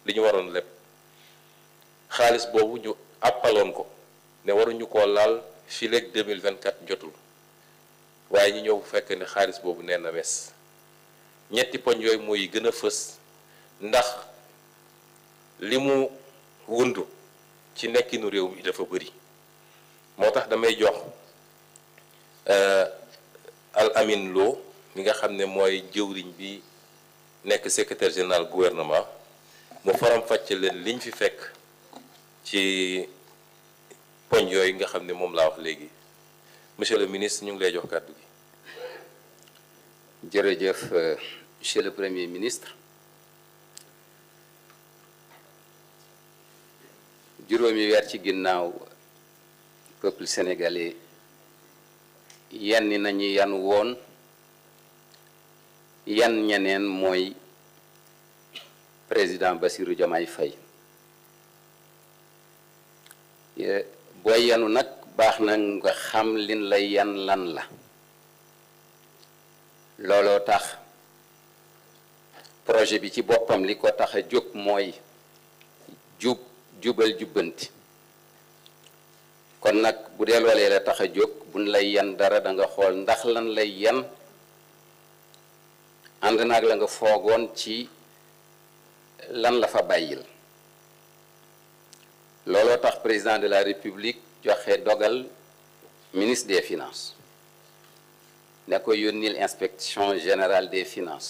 li ñu waroon leb xaalis boobu ñu àppaloon ko ne waruñu koo laal fileeg 2024 jotul waaye ñu ñëw bu fekk ne xaalis boobu nee na mes ñetti poñ yooyu mooy gën a fës ndax li mu wundu ci nekkinu réew mi dafa bëri moo tax damay jox euh, al amin loo mi nga xam ne mooy jëwriñ bi nekk secretaire général gouvernement mu faram fàcce leen liñ fi fekk ci poñ yooyu nga xam ne moom laa wax léegi monsieur le ministre ñu ngi lay jox kàddu gi euh, chez le Premier ministre juróomi weer ci ginnaaw peuple sénégalais yanni nañu yan won yan ñeneen mooy président Bassirou Diomaye Faye eh, booy yanu nag baax na nga xam lin lay yan lan la lolo tax projet bi ci bopam li ko tax a jóg mooy jub jubal jubbanti kon nak bu dee loolee la tax a buñ lay yan dara da nga xol ndax lan lay yan and nak la nga fogon ci lan la fa bayil lolo tax président de la république joxe dogal ministre des finances ne ko yónnil inspection générale des finances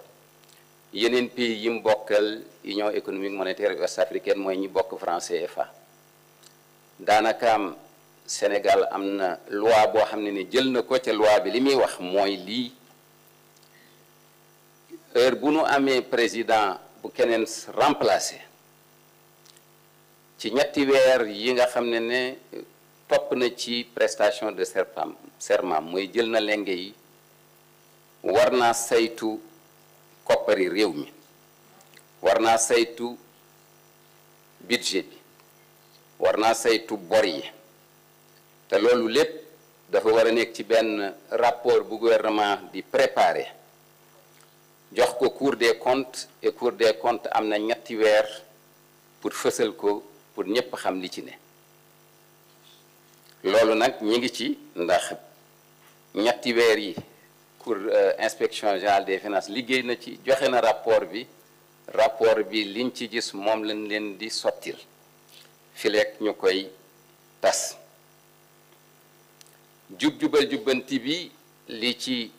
yeneen pays yi mu bokkal union économique monétaire ouest africaine mooy ñi bokk franc CFA daanaka am Sénégal am na loi boo xam ne ni jël na ko ca loi bi li muy wax mooy lii heure bu nu amee président bu keneen remplacé ci ñetti weer yi nga xam ne ne topp na ci prestation de serpam serment mooy jël na lenge yi war naa saytu koppari réew mi war naa saytu budget bi war naa saytu bor yi te loolu lépp dafa war a nekk ci benn rapport bu gouvernement di préparer jox ko cour des comptes et cour des comptes am na ñetti weer pour fësal ko pour ñépp xam li ci ne loolu nag ñi ngi ci ndax ñetti weer yi pour l'inspection euh, générale des finances ci rapport bi rapport bi liñ ci gis lañ di tas jub bi li ci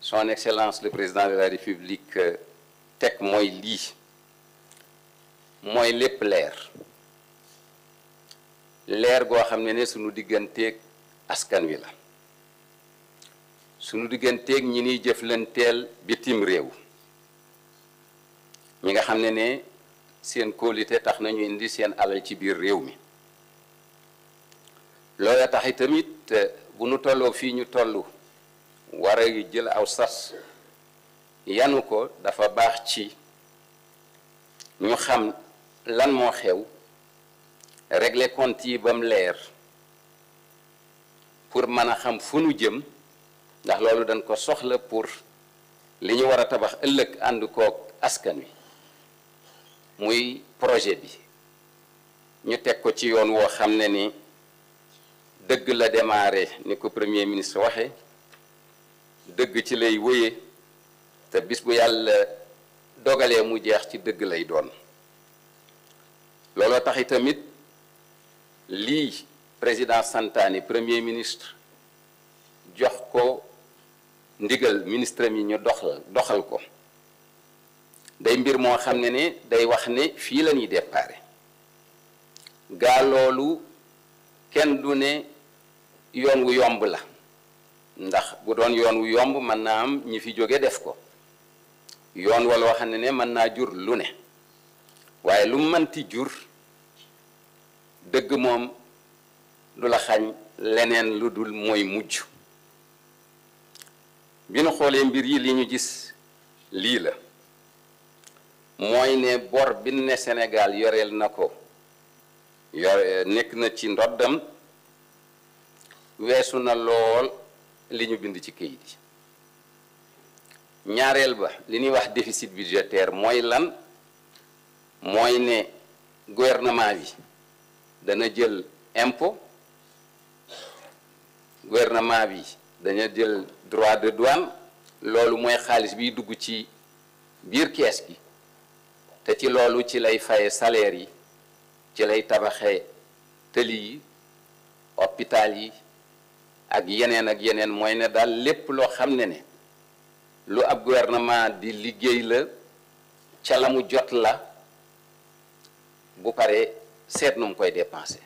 son excellence le président de la république euh, Tek mooy lii mooy lépp nous la sunu digganteeg ñi niy jëflanteel bitim réew ñi nga xam ne ne seen kolite tax nañu indi seen alal ci biir réew mi loola tax itamit bu nu tolloo fii ñu toll war a jël aw sas yanu ko dafa baax ci ñu xam lan moo xew régler compte yi ba mu leer pour mën a xam fu nu jëm ndax loolu dañ ko soxla pour li ñu war a tabax ëllëg ànd kook askan wi muy projet bi ñu teg ko ci yoon woo xam ne ni dëgg la démarré ni ko premier ministre waxe dëgg ci lay wéye te bis bu yàlla dogalee mu jeex ci dëgg lay doon looloo tax itamit lii président santaane premier ministre jox ko ndigal ministre mi ñu dox doxal ko day mbir moo xam ne ne day wax ne fii la ñuy déparé gaa loolu kenn du ne yoon wu yomb la ndax bu doon yoon wu yomb mën naa am ñi fi jóge def ko yoon wala wax ne ne mën naa jur lu ne waaye lu mënti jur dëgg moom du la xañ leneen lu dul mooy mujj bi nu xoolee mbir yi li ñu gis lii la mooy ne bor bi ne Sénégal yoreel na ko yore nekk na ci ndoddam weesu na lool li ñu bind ci këyit yi ñaareel ba li ñuy wax déficit budgétaire mooy lan mooy ne gouvernement bi dana jël impo gouvernement bi dana jël droit de douane loolu mooy xaalis biy dugg ci biir kees gi te ci loolu ci lay faye saleer yi ci lay tabaxee tëli yi hôpital yi ak yeneen ak yeneen mooy ne daal lépp loo xam ne ni lu ab gouvernement di liggéey la ca la mu jot la bu pare seet nu mu koy dépensé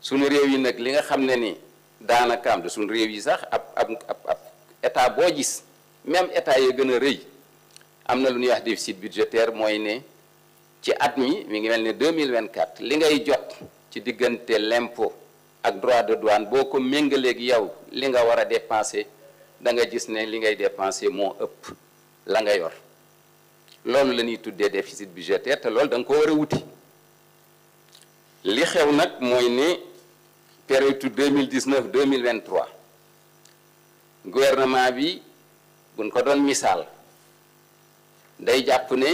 sunu réew yi nag li nga xam ne ni daanakaam de sunu réew yi sax ab ab ab état boo gis même état yee gën a rëy am na lu ñuy wax déficit budgétaire mooy ne ci at mi mu ngi mel ne 2024 li ngay jot ci diggante l'impôt ak droit de douane boo ko méngaleeg yow li nga war a dépenser da nga gis ne li ngay dépenser moo ëpp la nga yor loolu la ñuy tuddee déficit budgétaire te loolu da nga ko war a wuti li xew nag mooy ne période 2019 2023 gouvernement bi buñ ko doon misaal day jàpp ne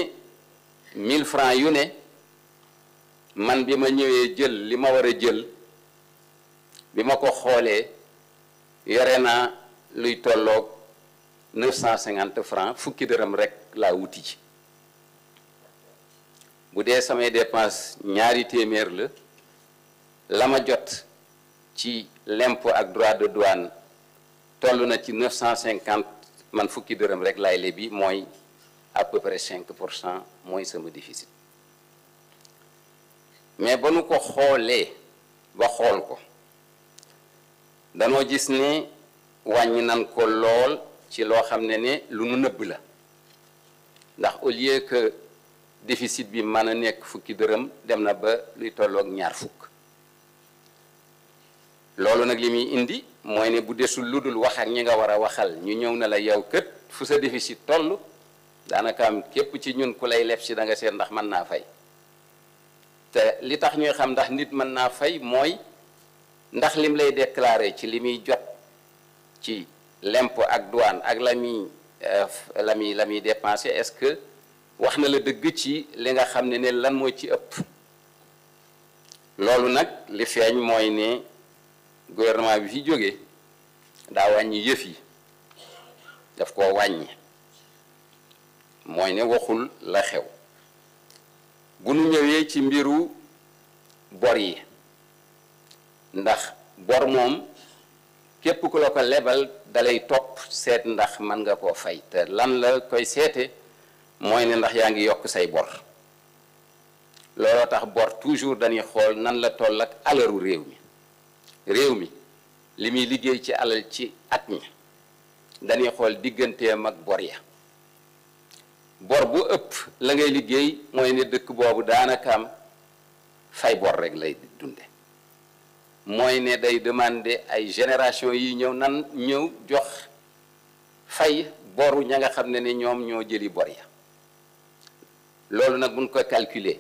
1000 francs yu ne man bi ma ñëwee jël li ma war a jël bi ma ko xoolee yore naa luy tolloog 950 francs fukki dërëm rek laa wuti ci bu dee samay dépense ñaari téeméer la la ma jot ci lemp ak droit de douane toll ci 950 man fukki deureum rek laay bi moy à peu près 5 moy cent mooy sama déficit mais ba ko xolé ba xool ko dano gis ni wàññi nan ko lol ci lo xamné ne lu nu neub la ndax au lieu que déficit bi mën a nekk fukki deureum dem na ba luy tolloog ñaar fukk loolu nag li muy indi mooy ne bu desul lu dul wax ak ñi nga war a waxal ñu ñëw na la yow kët fu sa déficit toll daanaka am képp ci ñun ku lay leb si da nga seen ndax mën naa fay te li tax ñuy xam ndax nit mën naa fay mooy ndax lim lay déclaré ci li jot ci l'impôt ak douane ak la muy euh, la muy la muy dépensé est-ce que wax na la dëgg ci li nga xam ne lan ci ëpp loolu nag li feeñ mooy ne gouvernement bi fi jógee daa wàññi yëf yi daf koo wàññi mooy ne waxul la xew bu nu ñëwee ci mbiru bor yi ndax bor moom képp ku la ko lebal dalay topp seet ndax mën nga koo fay te lan la koy seete mooy ne ndax yaa ngi yokk say bor looloo tax bor toujours dañuy xool nan la toll ak alalu réew mi réew mi li muy liggéey ci alal ci at mi dañuy xool digganteem ak bor ya bor bu ëpp la ngay liggéey mooy ne dëkk boobu daanakaam fay bor rek lay dunde mooy ne day demande ay génération yi ñëw nan ñëw jox fay boru ña nga xam ne ni ñoom ñoo jëli bor ya loolu nag buñ ko calculer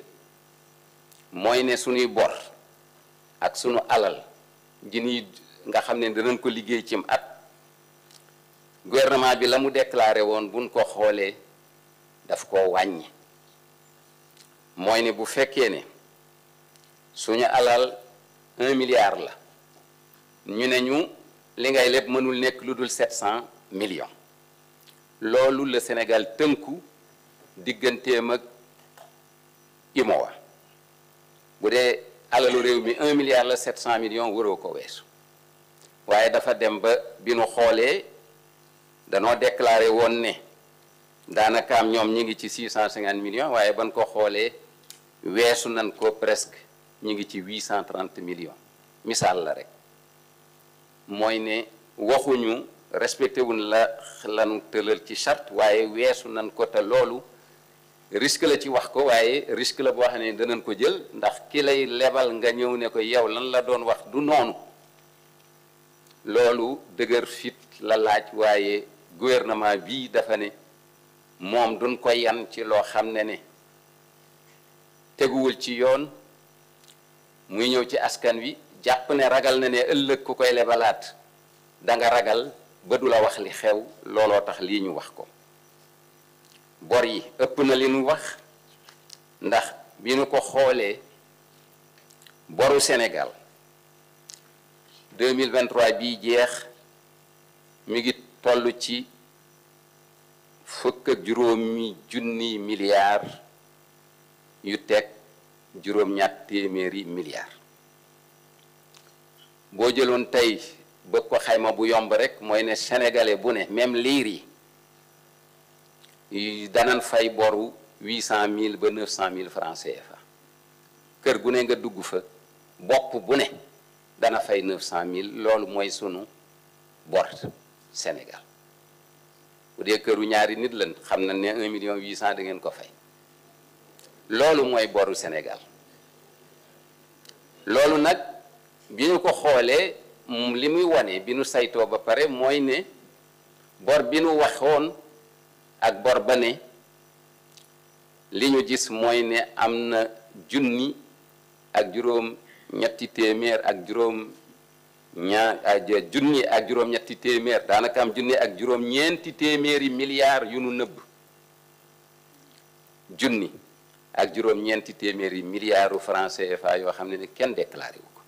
mooy ne suñuy bor ak sunu alal ji nii nga xam ne danañ ko liggéey cim at gouvernement bi la mu déclaré woon buñ ko xoolee daf ko wàññi mooy ne bu fekkee ne suñu alal un milliard la ñu ne ñu li ngay lépp mënul nekk lu dul sept cent millions loolu la Sénégal tënku digganteem ak UEMOA bu dee alalu réew mi un milliard la sept cent millions waroo ko weesu waaye dafa dem ba bi nu xoolee danoo déclaré woon ne daanaka daanakaam ñoom ñu ngi ci six cent cinquante millions waaye ban ko xoolee weesu nan ko presque ñu ngi ci huit cent trente millions misaal la rek mooy ne waxuñu respecté wuñ la lanu tëlal ci charte waaye weesu nan ko te loolu risque la ci wax ko waaye risque la boo xam ne danañ ko jël ndax ki lay lebal nga ñëw ne ko yow lan la doon wax du noonu loolu dëgër fit la laaj waaye gouvernement bii dafa ne moom duñ ko yan ci loo xam ne ne teguwul ci yoon muy ñëw ci askan wi jàpp ne ragal na ne ëllëg ku koy lebalaat danga ragal ba du la wax li xew looloo tax lii ñu wax ko bor yi ëpp na li nu wax ndax bi nu ko xoolee boru Sénégal 2023 bii jeex mi ngi toll ci fukk ak juróomi junni milliard yu teg juróom ñaat téeméeri milliard boo jëloon tey bëgg ko xayma bu yomb rek mooy ne sénégalais bu ne même liir danan fay boru huit cent mille ba neuf cent mille francs CFA kër gu ne nga dugg fa bopp bu ne dana fay neuf cent mille loolu mooy sunu bor Sénégal bu dee këru ñaari nit lan xam na ne un million huit cent da ngeen ko fay loolu mooy boru senegal loolu nag bi ñu ko xoolee li muy wane bi nu saytoo ba pare mooy ne bor bi nu waxoon ak bor ba ne li ñu gis mooy ne am na junni ak juróom ñetti téeméer ak juróom ñaar ah, junni ak juróom ñetti téeméer daanaka am junni ak juróom ñeenti téeméeri milliards yu nu nëbb junni ak juróom ñeenti téeméeri milliards francs CFA yoo xam ne ni kenn déclaré wu ko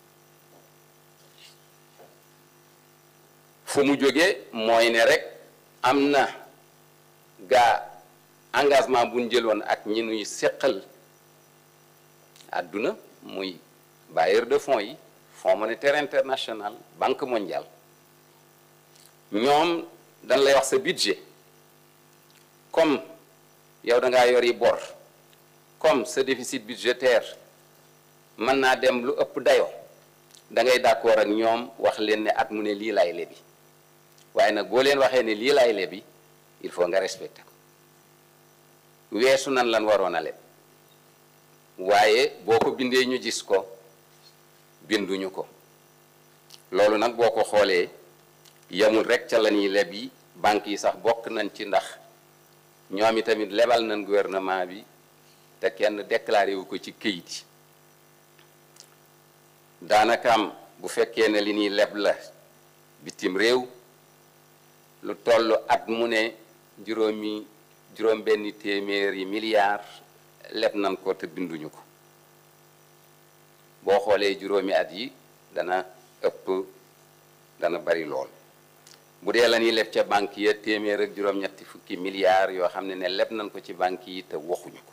fu mu jógee mooy ne rek am na ga engagement bu jël won ak ñi ñuy sékkal aduna muy bailleur de fonds yi fonds monétaire international banque mondiale ñom dañ lay wax sa budget comme yow da nga yori bor comme ce déficit budgétaire man na dem lu ëpp dayo da ngay d'accord ak ñom wax leen ne at mu ne li lay lebi waaye nak bo leen waxé ne li lay lebi il faut nga respecté ko weesu nan lan waroon a leb waaye boo ko bindee ñu gis ko binduñu ko loolu nag boo ko xoolee yamul rek ca la ñuy leb yi bànk yi sax bokk nañ ci ndax ñoom itamit lebal nañ gouvernement bi te kenn déclaré wu ko ci këyit yi daanaka bu fekkee ne li ñuy leb la bitim réew lu toll at mu ne juróomi juróom benni téeméeri milliards leb nan ko te binduñu ko boo xoolee juróomi at yi dana ëpp dana bari lool bu dee la ñuy ca banque ya téeméer ak juróom-ñetti fukki milliards yoo xam ne ne leb nan ko ci banque yi te waxuñu ko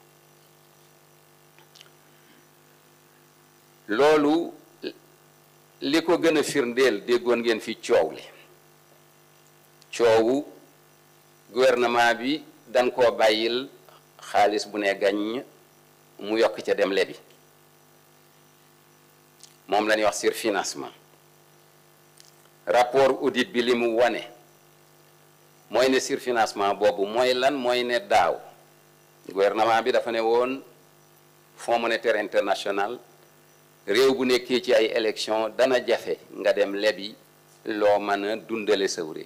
loolu li ko gën a firndeel déggoon ngeen fi coow li coowu gouvernement bi dan ko bàyyil xaalis bu ne gàññ mu yokk ca dem lebi moom la wax sur financement rapport audit bi li mu wane mooy ne surfinancement boobu mooy lan mooy ne daaw gouvernement bi dafa ne woon fonds monétaire international réew bu nekkee ci ay élection dana jafe nga dem lebi loo mën a dundale sawré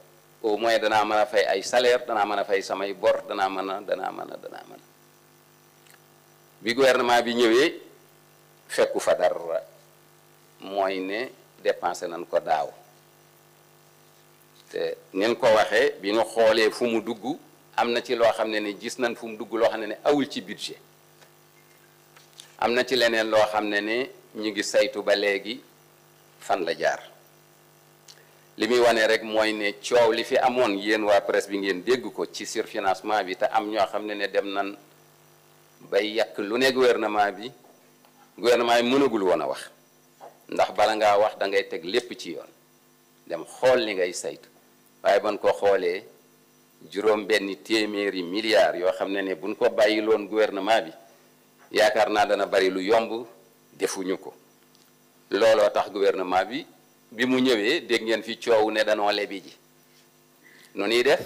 au moins danaa mën a fay ay salaire danaa mën a fay samay bor danaa mën a danaa mën a danaa mën bi gouvernement bi ñëwee fekku fa dara mooy ne dépensé nañ ko daaw te nin ko waxee bi ñu xoolee fu mu dugg am na ci loo xam ne ni gis nañ fu mu dugg loo xam ne ni awul ci budget am na ci leneen loo xam ne ni ñu ngi saytu ba léegi fan la jaar limi wanerek wane rek mooy ne coow li fi amoon yéen wa presse bi ngeen dégg ko ci surfinancement bi te am ñoo xam ne ne dem nan bay yàq lu ne gouvernement bi gouvernement yi mënagul woon wax ndax bala ngaa wax da ngay ci yoon dem xool li ngay saytu ban ko xoolee juróom benn téeméeri milliards yo xam ne ne buñ ko bàyyiloon gouvernement bi yaakaar naa dana bari lu yomb defuñu ko looloo tax gouvernement bi bi mu ñëwee dégg ngeen fi coow ne danoo lebi ji nu nii def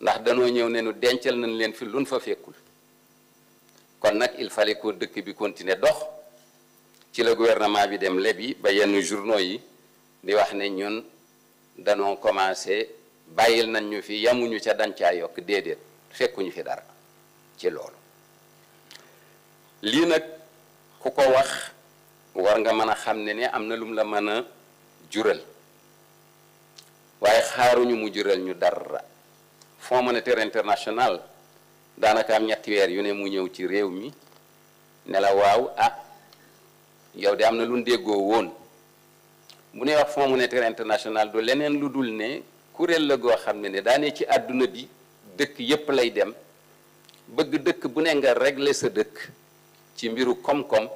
ndax danoo ñëw ne nu dencal nañ leen fi luñ fa fekkul kon nag il fallait que dëkk bi continuer dox ci la gouvernement bi dem lebi ba yenn journaux yi di wax ne ñun danoo commencé bàyyil nañ ñu fi yamuñu ca dañ caa yokk déedéet fekkuñu fi dara ci loolu lii nag ku ko wax war nga mën a xam ne ne am na lum la mën a jural waaye xaaruñu mu jural ñu dara fonds monétaire international daanaka am ñetti weer yu ne mu ñëw ci réew mi ne waaw ah yow de am na lu déggoo woon bu ne wax fonds monétaire international du leneen lu dul ne kuréel la goo xam ne ne daane ci àdduna bi dëkk yépp lay dem bëgg dëkk bu ne nga régler sa dëkk ci mbiru koom-koom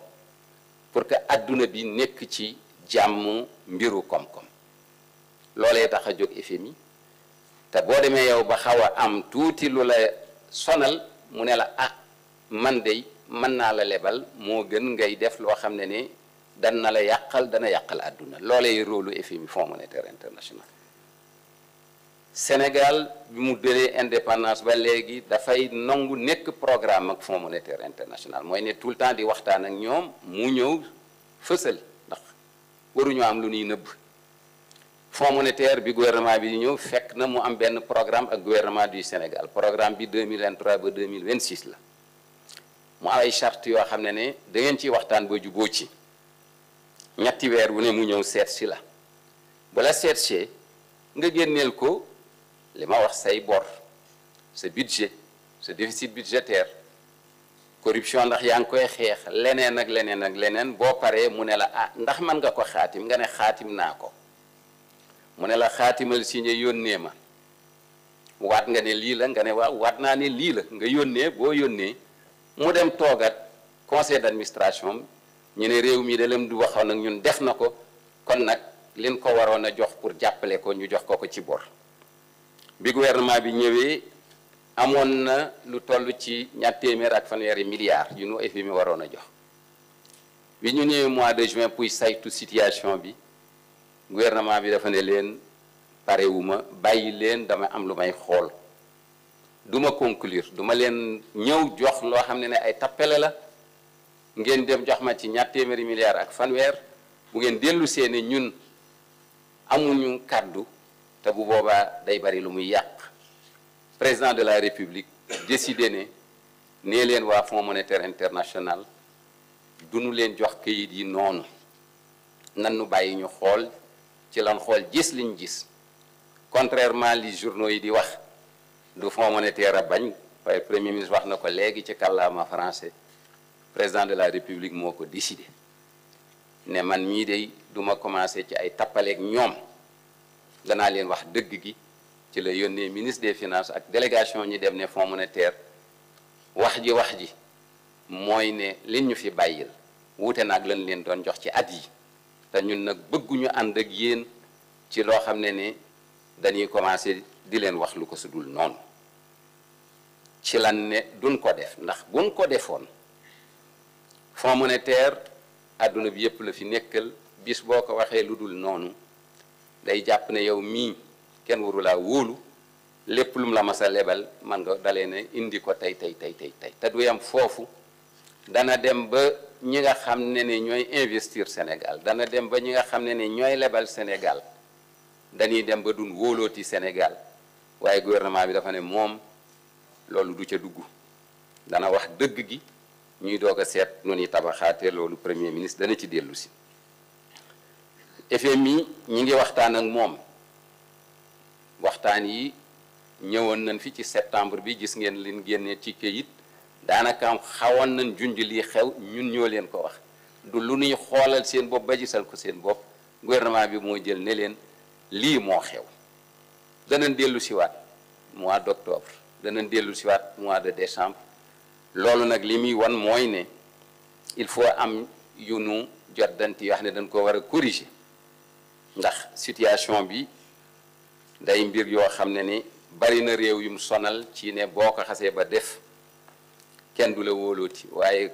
pour que àdduna bi nekk ci jàmm mbiru koom-koom loolee tax a jóg FMI te boo demee yow ba xaw am tuuti lu la sonal mu ne la ah man de mën naa la lebal moo gën ngay def loo xam ne ni dan na la yàqal dana yàqal àdduna loolee rôle lu FMI Fonds monétaire international Sénégal bi mu dëlee independance ba léegi dafay nangu nekk programme ak Fonds monétaire international mooy ne tout le temps di waxtaan ak ñoom mu ñëw fësal waruñoo am lu ñuy nëbb fonds monétaire bi gouvernement bi ñëw fekk na mu am benn programme ak gouvernement du Sénégal programme bi 2023 ba 2026 la mu am ay charte yoo xam ne ne da ngeen ciy waxtaan ba juboo ci ñetti weer bu ne mu ñëw seet si la bala seet see nga génneel ko li ma wax say bor sa budget sa déficit budgétaire corruption ndax yaa nga koy xeex leneen ak leneen ak leneen boo paree mu ne la ah ndax man nga ko xaatim nga ne xaatim naa ko mu ne la xaatimal signé yónnee ma waat nga ne lii la nga ne waaw waat naa ne lii la nga yónnee boo yónnee mu dem toogat conseil d'administration ñu ne réew mii de lem du waxoon ak ñun def na ko kon nag leen ko waroon a jox pour jàppale ko ñu jox ko ko ci bor bi gouvernement bi ñëwee amoon na lu toll ci ñaar téeméer ak fanweeri milliards yu nu FMI waroon a jox bi ñu ñëwee mois de juin pour saytu situation bi gouvernement bi dafa ne leen parewuma bàyyi leen dama am lu may xool duma ma conclure du ma leen ñëw jox loo xam ne ne ay tappale la ngeen dem jox ma ci ñaar téeméeri milliards ak fanweer bu ngeen dellu seeni ñun amuñu kàddu te bu boobaa day bari lu mu yàq président de la république décidé né, nee leen waa fonds monétaire international du nu len jox kayit yi non nan nu bàyyi ñu xol ci lan xol gis liñ gis contrairement li journaux yi di wax du fonds monétaire a bañ le premier ministre wax nako légui ci kàllaama français président de la république moko décidé né man mii de duma commencé ci ay tappaleeg ñom danaa leen wax dëgg gi ci la yónnee ministre des finances ak délégation ñi dem ne fonds monétaire wax ji wax ji mooy ne liñ ñu fi bàyyil wuute nag lañ leen doon jox ci at yi te ñun nag bëgguñu ànd ak yéen ci loo xam ne ni dañuy commencé di leen wax lu ko dul noonu ci lan ne duñ ko def ndax buñ ko defoon fonds monétaire àdduna bi yépp la fi nekkal bis boo ko waxee lu dul noonu day jàpp ne yow mii kenn waru laa wóolu lépp lu mu la mas a lebal man nga dalee ne indi ko tay tay tay tay tay te du yam foofu dana dem ba ñi nga xam ne ni investir Senegal, dana dem ba ñi nga xam ne ni ñooy lebal Sénégal dañuy dem ba dun wóolooti Sénégal waaye gouvernement bi dafa ne moom loolu du ca dugg dana wax dëgg gi ñuy doog a seet nu ñuy premier ministre dana ci dellu si FMI ñi ngi waxtaan ak moom waxtaan yi ñëwoon nañ fi ci septembre bi gis ngeen leen génnee ci këyit daanaka xawoon nañ junj lii xew ñun ñëw leen ko wax du lu nuy xoolal seen bopp ba gisal ko seen bopp gouvernement bi moo jël ne leen lii moo xew danañ dellu siwaat mois d' octobre danañ dellu siwaat mois de décembre loolu nag li muy wan mooy ne il faut am yu nu jot danti yoo xam ne dañ ko war a corriger ndax situation bi day mbir yoo xam ne ni bari na réew yum sonal ci ne boo ko xasee ba def kenn du la wóolooti waaye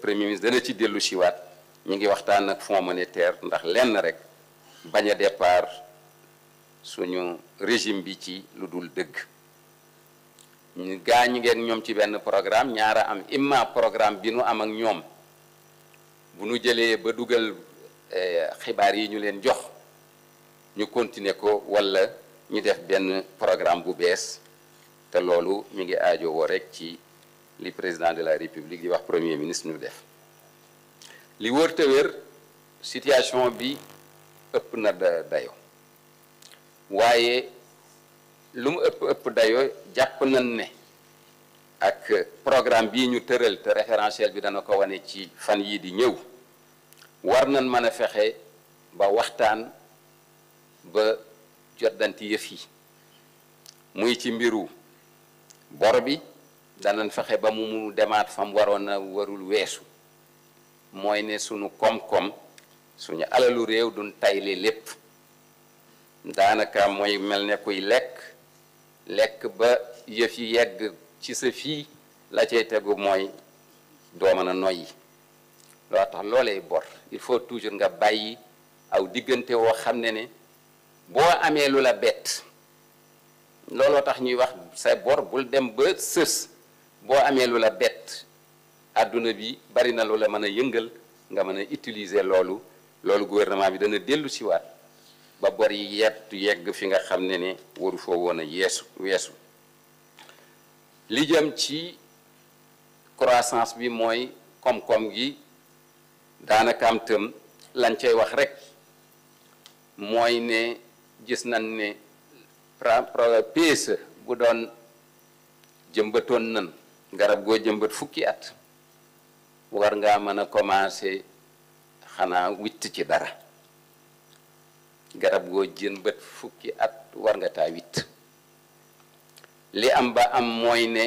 premier ministre dana ci dellu siwaat ñu ngi waxtaan ak fonds monétaire ndax lenn rek bañ a départ suñu régime bi ci lu dul dëgg ñu gaa ñu ngeen ñoom ci benn programme ñaara am imma programme bi nu am ak ñoom bu nu jëlee ba dugal eh, xibaar yi ñu leen jox ñu continuer ko walla ñu def benn programme bu bees te loolu mi ngi aajo woo ci li président de la république di wax premier ministre ñu def li wërtëwër te bi ëpp na dayo waaye lu mu ëpp ëpp dayo jàpp nañ ne ak programme bii ñu tëral te référentiel bi dana ko wane ci fan yii di ñëw war nañ mën a fexe ba waxtaan ba jotdanti yëf yi muy ci mbiru bor bi danañ fexe ba mu mu demaat fam waroon a warul weesu mooy ne suñu koom-koom suñu alalu réew duñ tayle lépp daanaka mooy mel ne kuy lekk lekk ba yëf yi yegg ci sa fii la cay tegu mooy doo mën a noyyi loo tax loolee bor il faut toujours nga bàyyi aw diggante woo xam ne ne boo amee lu la bett looloo tax ñuy wax sa bor bul dem ba sës boo amee lu la bett àdduna bi bari na lu la mën a yëngal nga mën a utiliser loolu loolu gouvernement bi dana dellu siwaat ba bor yi yett yegg fi nga xam ne ni waru foo woon a yeesu weesu li jëm ci croissance bi mooy koom-koom gi daanaka am tëm lañ cay wax rek mooy ne gis nañ ni PSE bu doon jëmbatoon nan garab goo jëmbat fukki at war ngaa mën a commencé xanaa witt ci dara garab goo jëmbat fukki at war nga taa witt li am ba am mooy ne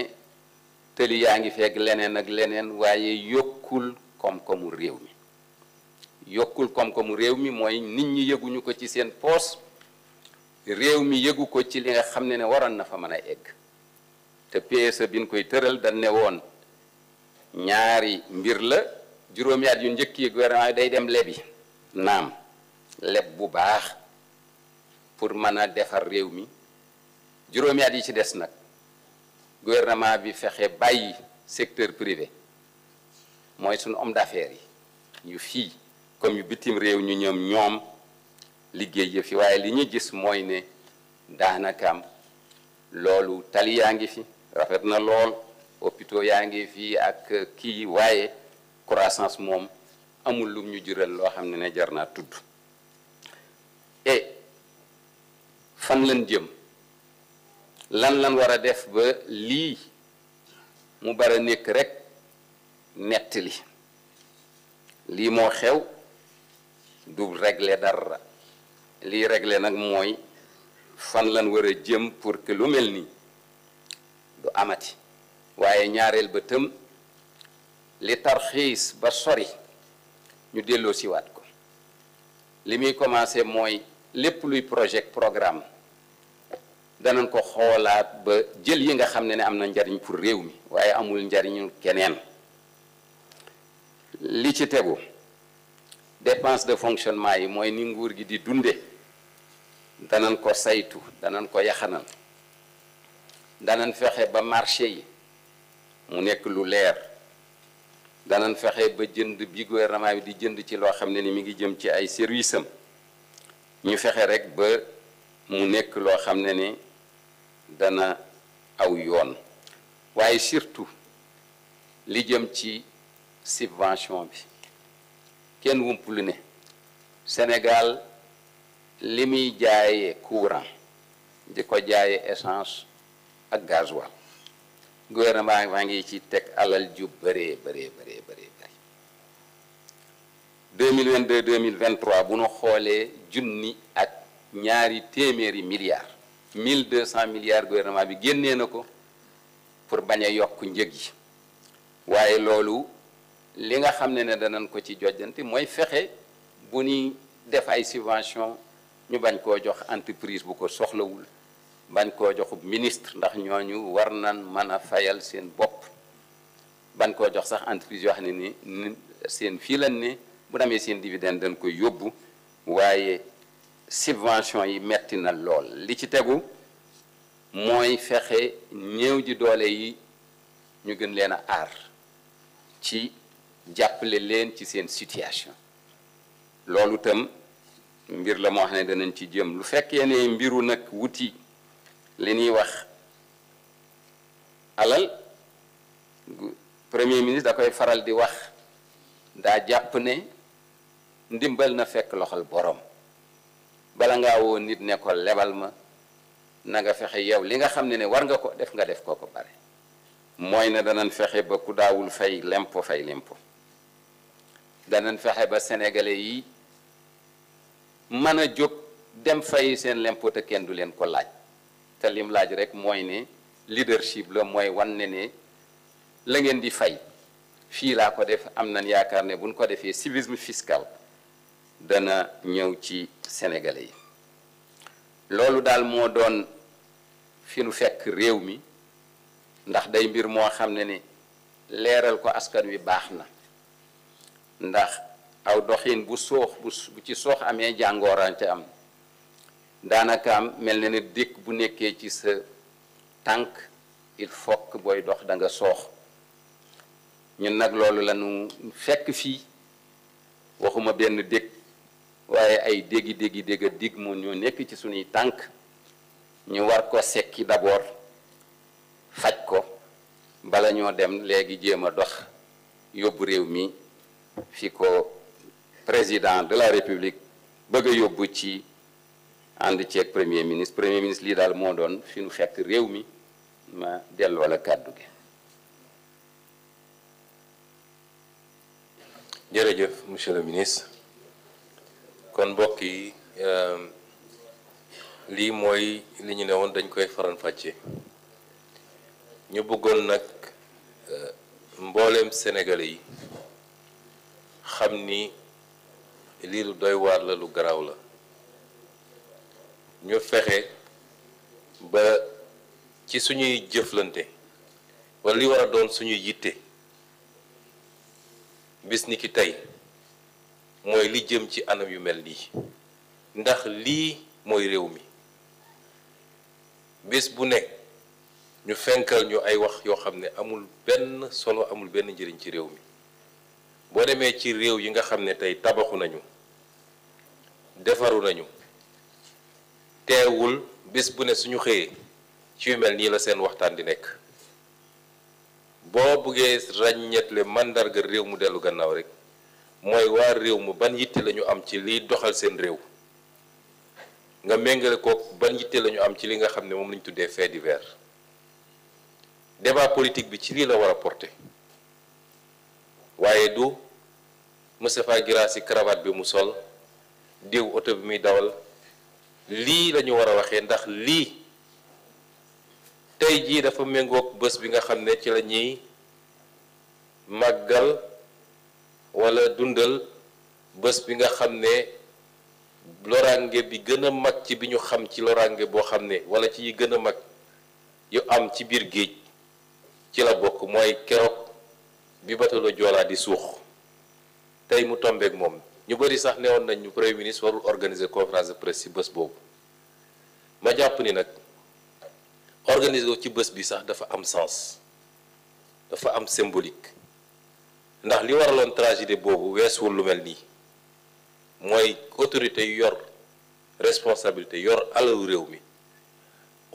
tëli yaa ngi fekk leneen ak leneen waaye yokkul koom-koomu réew mi yokkul koom-koomu réew mi mooy nit ñi yëguñu ko ci seen poos réew mi yëgu ko ci li nga xam ne ne waroon na fa mën a egg te PSE bi ñu koy tëral dañ ne woon ñaari mbir la juróomi at yu njëkk yi gouvernement bi day dem lebi naam leb bu baax pour mën a defar réew mi juróomi at yi ci des nag gouvernement bi fexe bàyyi secteur privé mooy suñu homme d'affaires yi yu fii comme yu bitim réew ñu ñoom ñoom liggéey yëf yi waaye li ñu gis mooy ne daanakam loolu tali yaa ngi fi rafet na lool hôpitaux yaa ngi fi ak kii waaye croissance moom amul lum ñu jural loo xam ne ne jar naa tudd et fan lan jëm lan lan war a def ba lii mu bara nekk rek nettali lii moo xew du régler dara liy réglé nag mooy fan lan war a jëm pour que lu mel nii du amati waaye ñaareel ba tëm li tarxiis ba sori ñu delloo siwaat ko li muy commencé mooy lépp luy projet programme danañ ko xoolaat ba jël yi nga xam ne ne am na njariñ pour réew mi waaye amul njariñu keneen li ci tegu dépense de fonctionnement yi mooy ni nguur gi di dunde danan ko saytu danan ko yaxanal danañ fexe ba marché yi mu nekk lu leer danañ fexe ba jënd bi gouvernement bi di jënd ci loo xam ne ni mu ngi jëm ci ay service ñu fexe rek ba mu nekk loo xam ne ni dana aw yoon waaye surtout li jëm ci subvention bi kenn wump lu ne Sénégal limi muy courant di ko jaayee essence ak gasoil gouvernement maa ngi ci tek alal ju bëree bëree bëree bëree 2022 2023 bu nu xoolee junni ak ñaari téeméeri milliards 1200 milliards gouvernement bi génné nako pour bañ a yokk lolu yi waaye loolu li nga xamné né ne danañ ko ci jojjante moy fexé bu def ay subvention ñu bañ ko jox entreprise bu ko soxlawul bañ ko jox ministre ndax ñoñu war nan mën fayal seen bop bañ ko jox sax entreprise wax ni seen fi lan ne bu demee seen dividende dañ koy yobbu waye subvention yi metti na lool li ci teggu moy fexé ñew ji doole yi ñu gën leena ar ci jàppale leen ci seen situation lolou tam mbir la moo xam ne danañ ci jëm lu fekkee ne mbiru nag wuti li ñuy wax alal premier ministre da koy faral di wax daa jàpp ne ndimbal na fekk loxol boroom bala ngaa woo nit ne ko lebal ma nanga fexe yow li nga xam ne ne war nga ko def nga def ko ko bare mooy ne danañ fexe ba ku daawul fay lempo fay lempo danañ fexe ba sénégalais yi mën a jóg dem fay seen l'impôt kenn du leen ko laaj te lim laaj rek mooy ne leadership la mooy wan ne ne la ngeen di fay fii laa ko def am na yaakaar ne buñ ko defee civisme fiscal dana ñëw ci sénégalais yi loolu daal moo doon fi nu fekk réew mi ndax day mbir moo xam ne ni leeral ko askan wi baax na ndax aw doxin bu soox bu ci soox amee jàngoorante am daanaka am mel na ne dëkk bu nekkee ci sa tànk il faut booy dox danga soox ñun nag loolu lañu fekk fii waxuma benn dëkk waaye ay déggi déggi dégga digg moo ñoo nekk ci suñuy tànk ñu war ko sekki d'abord faj ko bala ñoo dem léegi jéem a dox yóbbu réew mi fi ko président de la république bëgg ci and ci ak premier ministre premier ministre li dal moo doon fi ñu fekk réew mi ma delloo la cadeau gi. jërëjëf monsieur le ministre kon bokki euh li moy li ñu néwon dañ koy faran-fàccee ñu nak euh sénégalais yi xamni lii lu doy waar la lu garaaw la ñu fexe ba ci suñuy jëflante wala li war a doon suñuy yitte bis ni ki tey mooy li jëm ci anam yu mel nii ndax lii mooy réew mi bis bu nekk ñu fenkal ñu ay wax yoo xam ne amul benn solo amul benn njëriñ ci réew mi boo demee ci réew yi nga xam ne tey tabaxu nañu defaru nañu teewul bés bu ne suñu xëyee ci yu mel nii la seen waxtaan di nekk boo buggee ràññeetle màndarga réew mu dellu gannaaw rek mooy waa réew mu ban yitte lañu am ci liy doxal seen réew nga méngale kook ban yitte lañu am ci li nga xam ne moom lañu tuddee fait divers débat politique bi ci lii la war a porter waaye du Moustapha Guirassy cravate bi mu sol diw oto bi muy dawal lii lañu war a waxee ndax lii tey jii dafa méngoog bés bi nga xam ne ci la ñuy màggal wala dundal bés bi nga xam ne lorange bi gën mag ci bi ñu xam ci lorange boo xam ne walla ci yi gën a mag yu am ci biir géej ci la bokk mooy keroog bi batalo Joola di suux tey mu tombeek moom ñu bëri sax newoon nañ ñu premier ministre warul organiser conférence de presse ci bés boobu ma jàpp ni nag organiser ci bés bi sax dafa am sens dafa am symbolique ndax li waraloon tragédie boobu weesuwul lu mel nii mooy autorité yu yor responsabilité yor alalu réew mi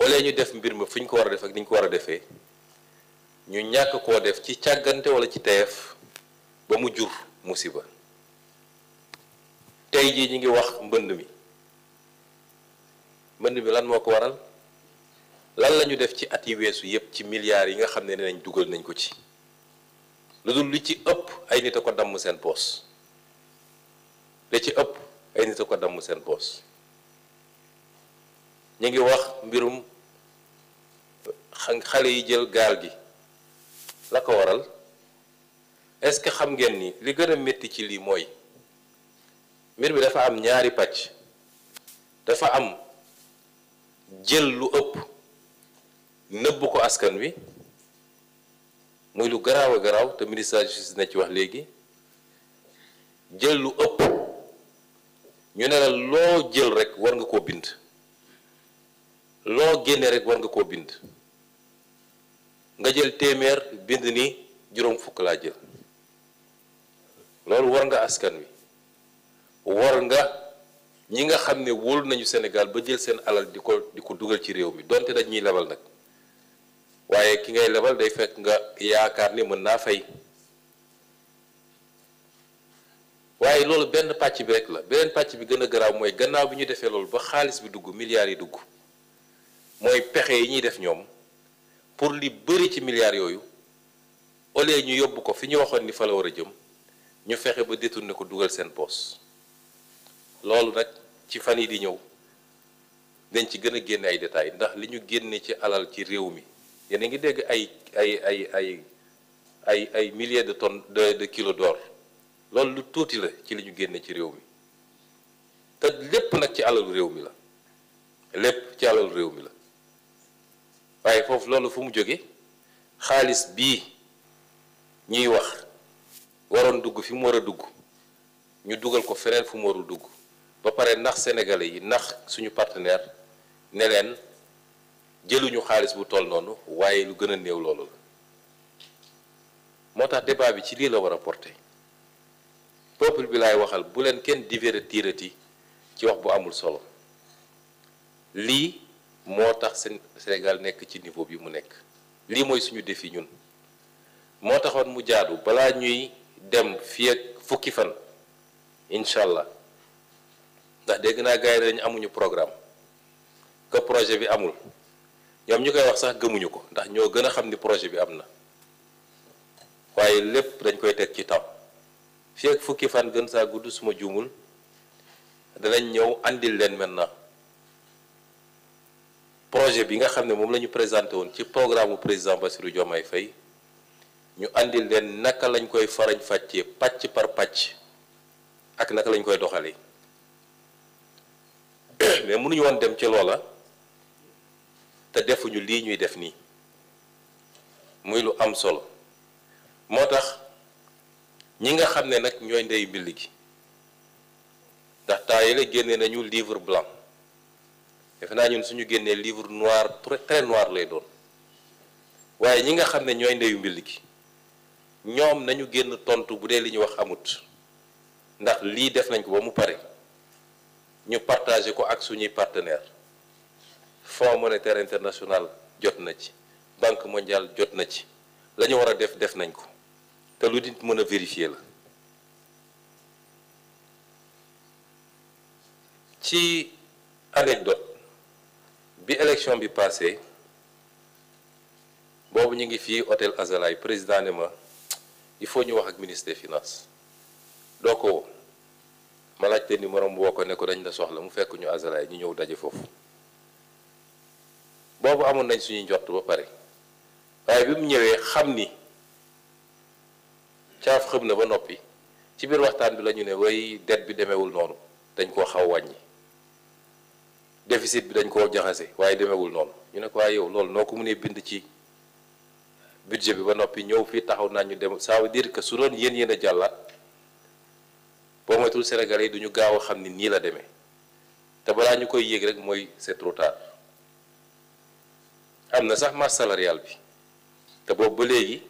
au ñu def mbir ma fi ñu ko war a def ak ni ñu ko war a defee ñu ñàkk koo def ci càggante wala ci teef ba mu jur musiba tey jii ñi ngi wax mbënd mi mbënd mi lan moo ko waral lan la ñu def ci at yi weesu yépp ci milliards yi nga xam ne nañ dugal nañ ko ci lu dul li ci ëpp ay nit ko damm seen poos li ci ëpp ay nit ko damm seen poos ñu ngi wax mbirum xale yi jël gaal gi la ko waral est-ce que xam ngeen ni li gën a métti ci lii mooy mbir mi dafa am ñaari pàcc dafa am jël lu ëpp nëbb ko askan wi muy lu garaaw a garaaw te ministre de la ci wax léegi jël lu ëpp ñu ne la loo jël rek war nga koo bind loo génne rek war nga koo bind nga jël témèr bind ni juróom fukk la jël loolu war nga askan wi war nga ñi nga xamné ne nañu Sénégal ba jël sen alal diko diko duggal ci réew mi donte dañ ñi lebal nak waaye ki ngay lebal day fekk nga yaakar ni mën fay waaye loolu benn patch bi rek la benen patch bi gëna graw moy gannaaw bi ñu défé loolu ba xaaliss bi dugg milliards yi dugg moy pexé yi ñi def ñom pour li bëri ci milliards yooyu au lieu ñu yóbbu ko fi ñu waxoon ni fa la war a jëm ñu fexe ba détourné ko dugal seen poos loolu nag ci fan yi di ñëw dañ ci gën a génne ay détails ndax li ñu génne ci alal ci réew mi yéen a ngi dégg ay ay ay ay ay ay milliers de tonnes de de kilos d'or loolu lu tuuti la ci li ñu génne ci réew mi te lépp nag ci alalu réew mi la lépp ci alalu réew mi la waaye foofu loolu fu mu jóge xaalis bii ñuy wax waroon dugg fi mu war a dugg ñu dugal ko feneen fu mu warul dugg ba pare ndax sénégalais yi ndax suñu partenaire ne leen jëluñu xaalis bu toll noonu waaye lu gën a néew loolu la moo tax débat bi ci lii la war a porté peuple bi laay waxal bu leen kenn divertirati ci wax bu amul solo lii motax senegal nek ci niveau bi mu nek li moy suñu défi ñun moo mu jaadu bala ñuy dem fi ak fukki fan inshallah allah ndax dégg naa gars yi amuñu programme que projet bi amul ñoom ñu koy wax sax gëmuñu ko ndax ñoo gën a xam ni projet bi am na waaye lépp dañ koy teg ci taw fii ak fukki fan gën saa gudd suma danañ ñëw andil leen maintenant projet bi nga xamne mom lañu la ñu présenté woon ci programme président Bassirou Diomaye Faye ñu andil len naka lañ koy farañ faccé patch par patch ak naka lañ koy doxalé [COUGHS] mais ñu won dem ci té defu ñu li ñuy def ni muy lu am solo motax ñi nga xamne nak ñoy ndey taile mbill ndax tayele genné nañu livre blanc defe ñun suñu génnee livre noir très noir lay doon waaye ñi nga xam ne ñooy ndeyu mbill gi ñoom nañu génn tontu bu dee li ñu wax amut ndax lii def nañ ko ba mu pare ñu partagé ko ak suñuy partenaire Fonds monétaire international jot na ci Banque mondiale jot na ci la ñu war a def def nañ ko te lu nit mën a vérifier la ci anecdote bi élection bi passé boobu ñu ngi fii hôtel Azalaï président ne ma il faut ñu wax ak ministre des finances doo ko woo ma laajte numéro am woo ko ne ko dañ la soxla mu fekk ñu Azalaï ñu ñëw daje foofu boobu amoon nañ suñuy njort ba pare waaye bi mu ñëwee xam ni caaf xam na ba noppi ci biir waxtaan bi la ñu ne way det bi demewul noonu dañ koo xaw wàññi déficit bi dañ koo jaxase waaye demewul noonu ñu ne ko waaye yow loolu noo ko ne bind ci budget bi ba noppi ñëw fii taxaw naa ñu dem ça veut dire que su doon yéen yéen a jàllaat boo moytul Sénégalais yi du ñu gaaw a xam ni nii la demee te balaa ñu koy yéeg rek mooy c'est trop am na sax masse salariale bi te boobu ba léegi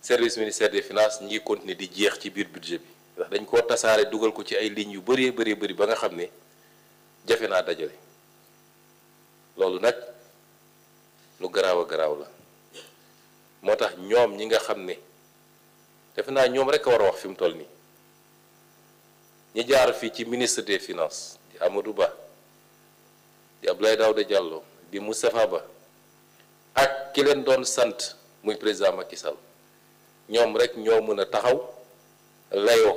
service ministère des finances ñi ngi continuer di jeex ci biir budget bi ndax dañ koo tasaare dugal ko ci ay lignes yu bëree bëri bëri ba nga xam ne jafe naa dajale. loolu nag lu garaaw a garaaw la moo tax ñoom ñi nga xam ne defe naa ñoom rek a war a wax fi mu toll nii ñi jaar fii ci ministre des finance di Amadou Ba di Abdoulaye Daouda Diallo di Moustapha Ba ak ki leen doon sant muy président Macky Sall ñoom rek ñoo mën a taxaw layoo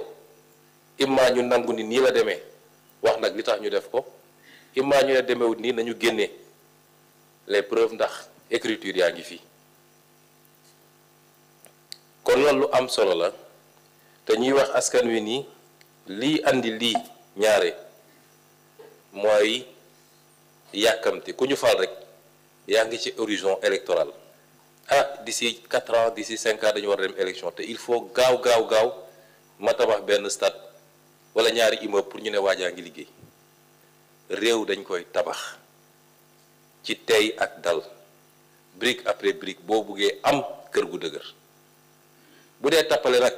imma ñu nangu ni nii la demee wax nag li tax ñu def ko imma ñu ne demewut nii nañu génnee les preuves ndax écriture yaangi fi kon am solo la te ñuy wax askan wi ni li horizon électoral ah d'ici 4 ans d'ici cinq ans dañu war dem élection il faut gaaw gaaw gaaw ma tabax ben stade wala ñaari immeuble ne dañ ci tey ak dal brique après brique boo buggee am kër gu dëgër bu dee nun nag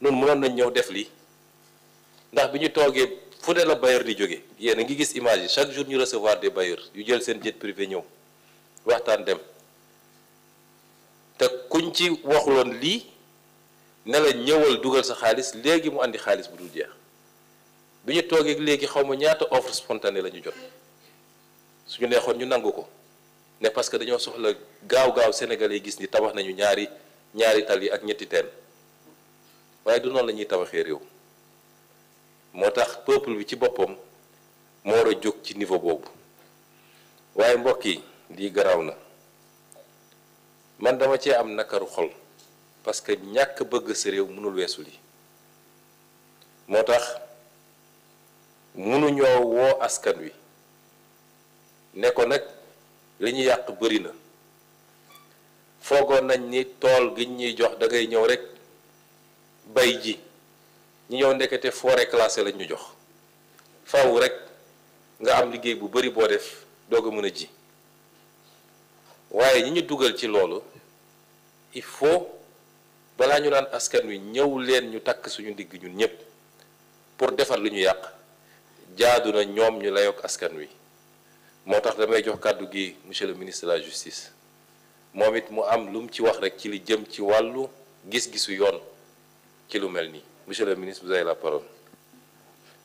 noonu mënoon nañ ñëw def lii ndax bi ñu fu ne la bailleur di jóge yéen a ngi gis image yi chaque jour ñu recevoir des bailleurs yu jël seen jet privé ñëw waxtaan dem te kuñ ci waxuloon lii ne la ñëwal dugal sa xaalis léegi mu andi xaalis bu dul jeex bi ñu toogee léegi xaw ma ñaata offre spontanée la jot ñu neexoon ñu nangu ko ne parce que dañoo soxla gaaw-gaaw sénégalais gis ni tabax nañu ñaari ñaari tali ak ñetti teen waaye du noonu la ñuy tabaxee réew moo tax peuple bi ci boppam moo war a jóg ci niveau boobu waaye mbokk yi lii garaaw na man dama cee am nakaru xol parce que ñàkk bëgg sa réew mënul weesu li moo tax mënuñoo woo askan wi ne ko nag li ñu yàq bëri na foogoon nañ ni tool gi ñuy jox dangay ñëw rek bay ji ñi ñëw ndekete forêt classée lañ ñu jox faw rekk nga am liggéey bu bëri boo def doo ko mën a ji waaye ñi ñu dugal ci loolu il faut balaa ñu naan askan wi ñëw leen ñu takk suñu ndigg ñun ñëpp pour defar li ñu yàq jaadu na ñoom ñu la layoog askan wi motax tax damay jox kaddu gi monsieur le ministre de la justice momit mu am lum ci wax rek ci li jëm ci walu gis-gisu yoon ci lu melni monsieur le ministre vous avez la parole.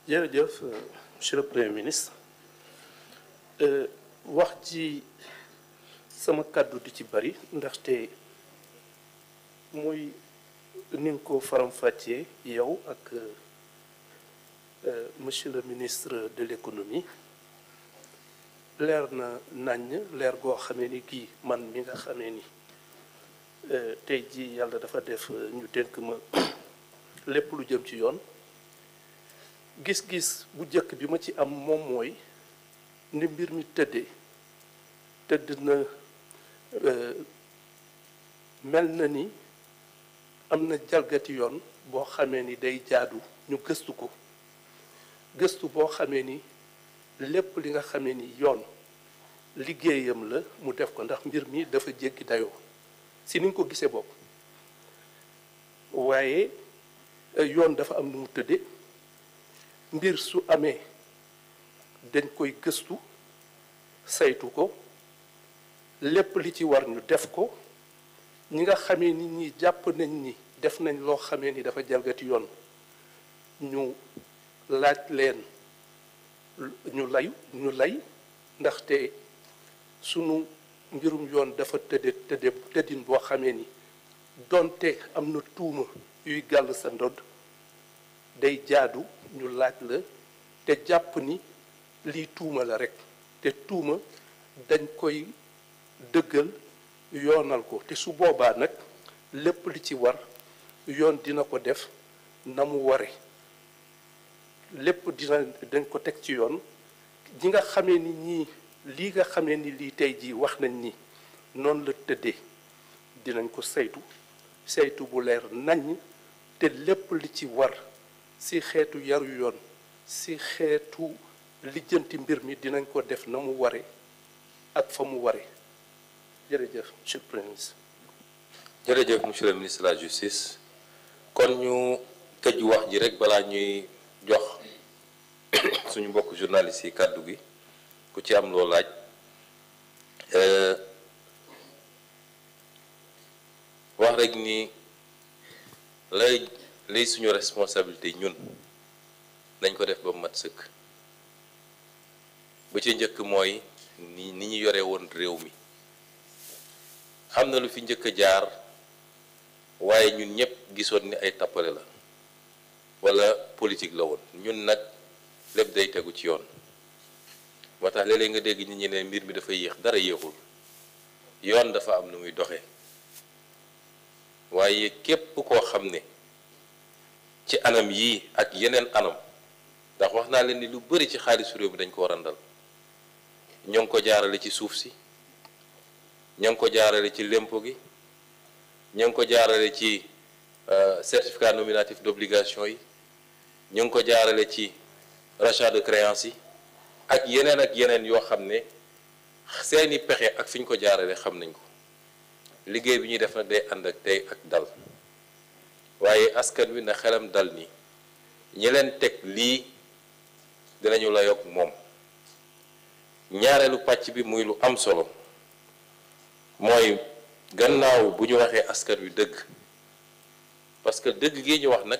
jërëjëf euh, monsieur le premier ministre euh wax ci sama kaddu du ci bari ndax muy moy nga ko faram fatié yow ak euh, euh monsieur le ministre de l'économie leer na naññ leer goo xamee ni kii man mi nga xame ni euh, tey jii yàlla dafa def euh, ñu dénk ma [COUGHS] lépp lu jëm ci yoon gis-gis bu jëkk bi ma ci am moom mooy ni mbir mi tëddee tëdd na euh, mel na ni am na jalgati yoon boo xamee ni day jaadu ñu gëstu ko gëstu boo xamee ni lépp li nga xam ne ni yoon liggéeyam la mu def ko ndax mbir mi dafa jéggi dayoo si ni ko gisee bopp waaye eh, yoon dafa am nu mu tëdde mbir su amee dañ koy gëstu saytu ko lépp li ci war ñu def ko ñi nga xame ni ñi jàpp nañ ni def nañ loo xame ni dafa jalgati yoon ñu laaj leen ñu lay ñu lay ndaxte sunu mbirum yoon dafa tëdde tëdde tëddin boo xamee ni doonte am na tuuma yuy gàll sa ndodd day jaadu ñu laaj la te jàpp ni lii tuuma la rekk te tuuma dañ koy dëggal yoonal ko te su boobaa nag lépp li ci war yoon dina ko def na mu ware lépp dina dañ ko teg ci yoon ji nga xamee ni ñii lii nga xamee ni lii tey jii wax nañ ni noonu la tëddee dinañ ko saytu saytu bu leer nañ te lépp li ci war si xeetu yaru yoon si xeetu lijjanti mbir mi dinañ ko def na mu ware ak fa mu ware jërëjëf monsieur le ministre jërëjëf monsieur le la justice kon ñu tëj wax ji rek balaa ñuy jox [COUGHS] suñu mbokk journaliste yi kàddu gi ku ci am loo laaj euh, wax rek nii lay lay suñu responsabilité ñun dañ ko def ba mat sëkk ba ci njëkk mooy ni ni ñu yore woon réew mi am na lu fi njëkk a jaar waaye ñun ñëpp gisoon ni ay tappale la wala politique la woon ñun nag lépp day tegu ci yoon moo tax léeg nga dégg nit ñi ne mbir mi dafa yéex dara yéexul yoon dafa am nu muy doxe waaye képp koo xam ne ci anam yii ak yeneen anam ndax wax naa leen ni lu bëri ci xaalisu réew mi dañ ko randal ñoo ngi ko jaarale ci suuf si ñoo ngi ko jaarale ci lémpo gi ñoo ngi ko jaarale ci euh, certificat nominatif d'obligation yi ñu ngi ko jaarale ci rachat de créance yi ak yeneen ak yeneen yoo xam ne seeni pexe ak fi ñu ko jaarale xam nañ ko liggéey bi ñuy def nag day ànd ak tey ak dal waaye askan wi na xelam dal ni ñi leen teg lii dinañu la yokk moom ñaareelu pàcc bi muy lu am solo mooy gannaaw bu ñu waxee askan wi dëgg parce que dëgg gi ñu wax nag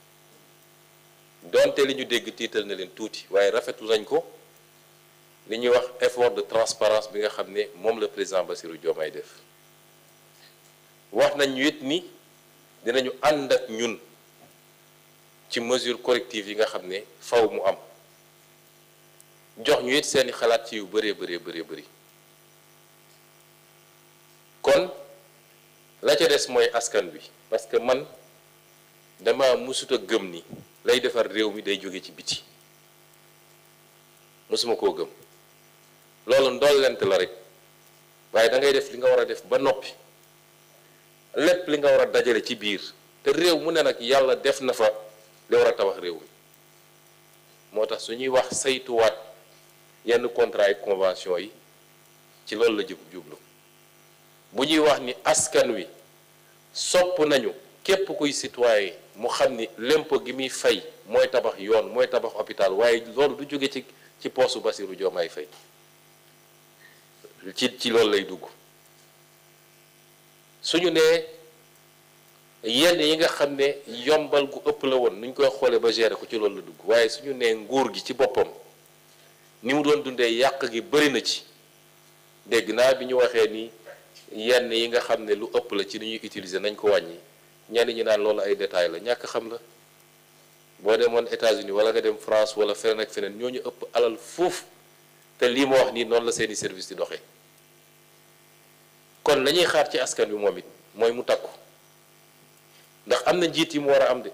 donté li ñu dégg tiital na leen tuuti waaye rafetu nañ ko li effort de transparence bi nga xam président Bassirou Diomaye def wax it ni dinañu ànd ak ñun ci mesure corrective yi nga xam faw mu am jox ñu it seen xalaat ci yu la ca des mooy askan parce que man dama gëm ni lay defar réew mi day jóge ci biti mësuma koo gëm loolu ndollent la rek waaye dangay def li nga war a def ba noppi lépp li nga war a dajale ci biir te réew mu ne nag yàlla def na fa li war a tabax réew mi moo tax su ñuy wax saytuwaat yenn contrat yi convention yi ci loolu la jublu bu ñuy wax ni askan wi sopp nañu képp kuy citoyen mu xam ni l'impôt gi muy fay mooy tabax yoon mooy tabax hôpital waaye loolu du jóge ci ci poosu Bassirou Diomaye Faye ci ci loolu lay dugg suñu nee yenn yi nga xam ne yombal gu ëpp la woon nuñ koy xoolee ba gérer ko ci loolu la dugg waaye suñu nee nguur gi ci boppam ni mu doon dundee yàq gi bëri na ci dégg naa bi ñu waxee ni yenn yi nga xam ne lu ëpp la ci ni ñuy utiliser nañ ko wàññi. ñenn ñi naan loolu ay détails la ñàkk xam la boo demoon États-Unis wala nga dem France wala feneen ak feneen ñoo ñu ëpp alal foofu te lii ma wax nii noonu la seeni service di doxe kon lañuy xaar ci askan wi moom it mooy mu takku ndax am na njiit yi mu war a am de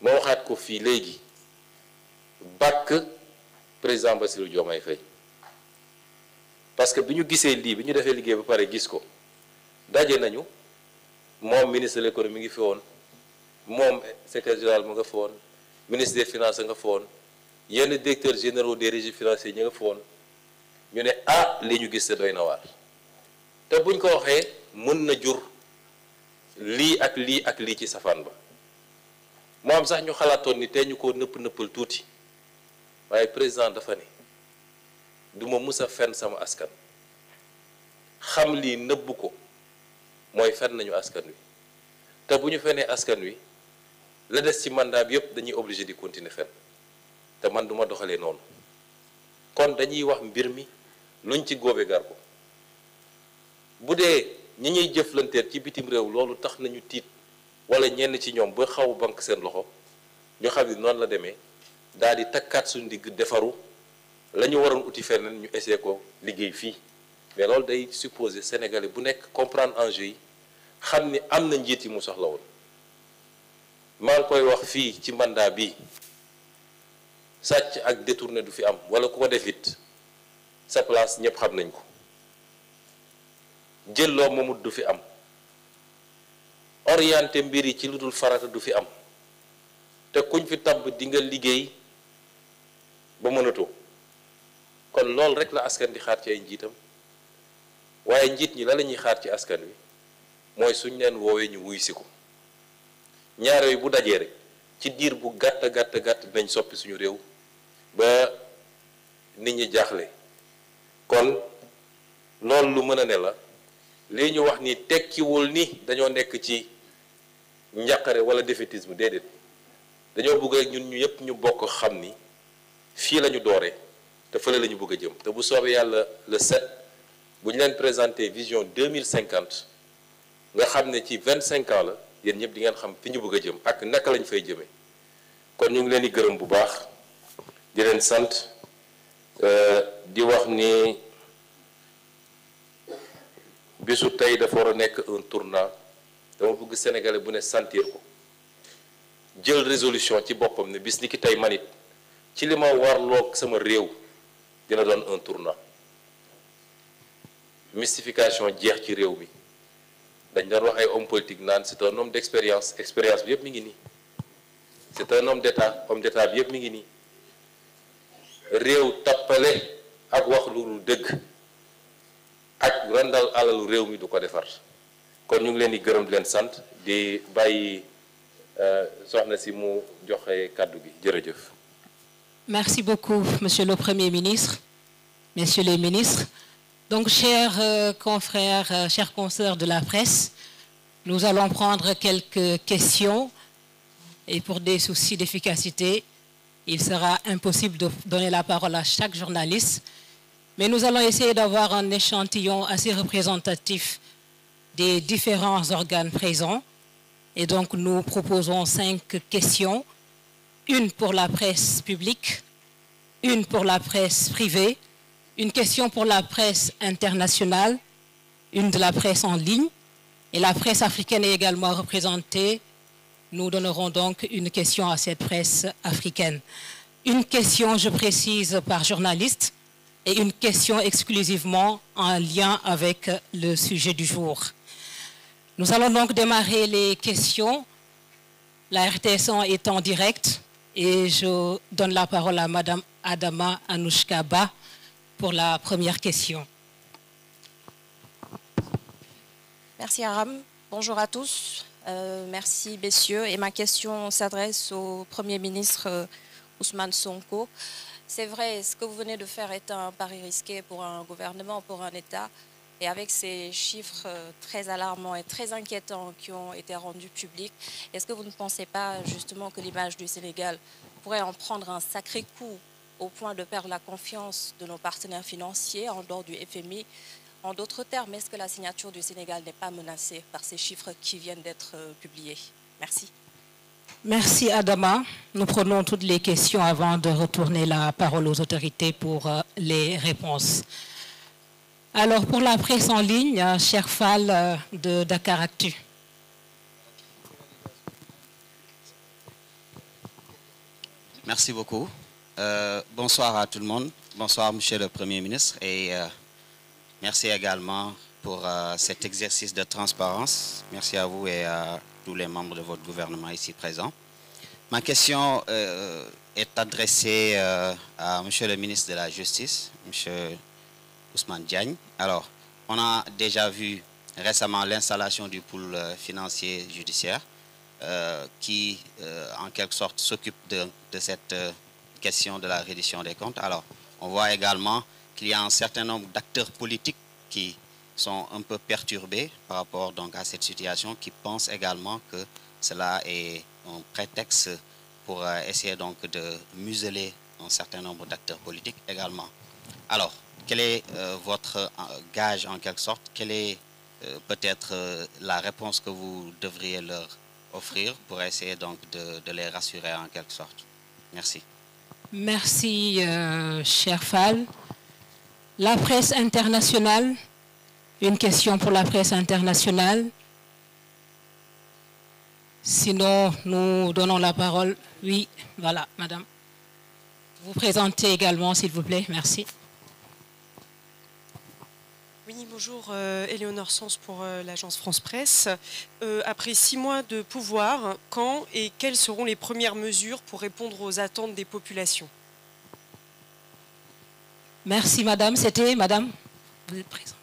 ma waxaat ko fii léegi bàkk président Bassirou Diomaye Faye parce que bi ñu gisee lii bi ñu defee liggéey ba pare gis ko daje nañu moom ministre de l'économie ngi fi woon moom secrétaire général mu nga fi woon ministre des finances nga fi yenn directeurs généraux des régimes financiers ñu nga fi ñu ne ah li ñu gis te doy na waar te buñ ko waxee mën na jur lii ak lii ak lii ci safaan ba moo am sax ñu xalaatoon ni tey ñu ko nëpp nëppal tuuti waaye président dafa ne duma mus a fenn sama askan xam lii nëbb ko moy fen nañu askan wi te buñu féné askan wi la dess ci mandat bi yëpp dañuy obligé di continuer fen te man duma doxalee non kon dañuy wax mbir mi luñ ci gobé gar ko budé ñi ñuy jëflanteel ci bitim réew loolu tax nañu tit wala ñenn ci ñom bu xaw banque seen loxo ñu xam ni non la démé daal takkat takkaat suñu digg defaru la ñu waroon uti ñu essayé ko liggéey fii mais loolu day supposé sénégalais bu nekk comprendre enjeu yi xamni ni am mu soxla won maa koy wax fi ci mandat bi sàcc ak détourné du fi am wala kuko ko def it sa place ñep xam nañ ko jël lo moomut du fi am orienté tembiri ci luddul farata du fi am te kuñ fi tab di nga liggéey ba mënatu kon lool rek la askan di xaar ci ay njitam waye njit ñi la lañuy xaar ci askan wi mooy suñ leen woowee ñu wuy si ko ñaar yi bu dajee rek ci diir bu gàtt gàtt gàtt dinañ soppi suñu réew ba nit ñi jaaxle kon loolu lu mën a ne la lii ñu wax ni tekkiwul ni dañoo nekk ci njàqare wala défaitisme déedéet dañoo bugg rek ñun ñu yépp ñu bokk xam ni fii la ñu doore te fële la ñu bëgg jëm te bu soobee yàlla le set bu ñu leen présenté vision 2050 nga xam ne ci 25 ans la yéen ñëpp di ngeen xam fi ñu bëgg a jëm ak naka lañ fay jëmee kon ñu ngi leen di gërëm bu baax di leen sant euh, di wax ni bisu tey dafa war a nekk un tournant dama bëgg sénégalais bu ne sentir ko jël résolution ci boppam ne bis ni ki tey manit ci li ma warloog sama réew dina doon un tournant mystification jeex ci réew mi dañ wax ay homme politique naan c'est un homme d'expérience expérience bi yëpp mi ngi nii c'est un homme d'état homme d'état bi yëpp mi ngi nii réew tappale ak wax lu dëgg ak randal alalu réew mi du ko defar kon ñu ngi leen di gërëm di leen sant di bàyyi euh, soxna si mu joxe gi jërëjëf merci beaucoup monsieur le premier ministre Monsieur les ministres donc, chers euh, confrères, euh, chers consoeurs de la presse, nous allons prendre quelques questions. Et pour des soucis d'efficacité, il sera impossible de donner la parole à chaque journaliste. Mais nous allons essayer d'avoir un échantillon assez représentatif des différents organes présents. Et donc, nous proposons cinq questions. Une pour la presse publique, une pour la presse privée, une question pour la presse internationale, une de la presse en ligne, et la presse africaine est également représentée. Nous donnerons donc une question à cette presse africaine. Une question, je précise, par journaliste, et une question exclusivement en lien avec le sujet du jour. Nous allons donc démarrer les questions. La RTS est en direct et je donne la parole à Madame Adama Anouchkaba la première question. Merci Aram. Bonjour à tous. Euh, merci messieurs. Et ma question s'adresse au Premier ministre euh, Ousmane Sonko. C'est vrai, ce que vous venez de faire est un pari risqué pour un gouvernement, pour un État. Et avec ces chiffres euh, très alarmants et très inquiétants qui ont été rendus publics, est-ce que vous ne pensez pas justement que l'image du Sénégal pourrait en prendre un sacré coup au point de perdre la confiance de nos partenaires financiers en dehors du FMI. En d'autres termes, est-ce que la signature du Sénégal n'est pas menacée par ces chiffres qui viennent d'être euh, publiés Merci. Merci Adama. Nous prenons toutes les questions avant de retourner la parole aux autorités pour euh, les réponses. Alors pour la presse en ligne, euh, cher Fall de Dakar Actu. Merci beaucoup. Euh, bonsoir à tout le monde. Bonsoir, Monsieur le Premier ministre. Et euh, merci également pour euh, cet exercice de transparence. Merci à vous et à tous les membres de votre gouvernement ici présents. Ma question est adressée à Monsieur le ministre de la Justice, Monsieur Ousmane Diagne. Alors, on a déjà vu récemment l'installation du pôle financier judiciaire qui, en quelque sorte, s'occupe de, de cette question de la reddition des comptes. Alors, on voit également qu'il y a un certain nombre d'acteurs politiques qui sont un peu perturbés par rapport donc à cette situation, qui pensent également que cela est un prétexte pour euh, essayer donc de museler un certain nombre d'acteurs politiques également. Alors, quel est euh, votre euh, gage en quelque sorte Quelle est peut-être la réponse que vous devriez leur offrir pour essayer donc de les rassurer en quelque sorte Merci. Merci, euh, cher Fall. La presse internationale, une question pour la presse internationale. Sinon, nous donnons la parole. Oui, voilà, madame. Vous présentez également, s'il vous plaît. Merci bonjour, euh, Sens pour euh, l'agence France Presse. Euh, après six mois de pouvoir, quand et quelles seront les premières mesures pour répondre aux attentes des populations Merci, madame. C'était madame Vous êtes présentée.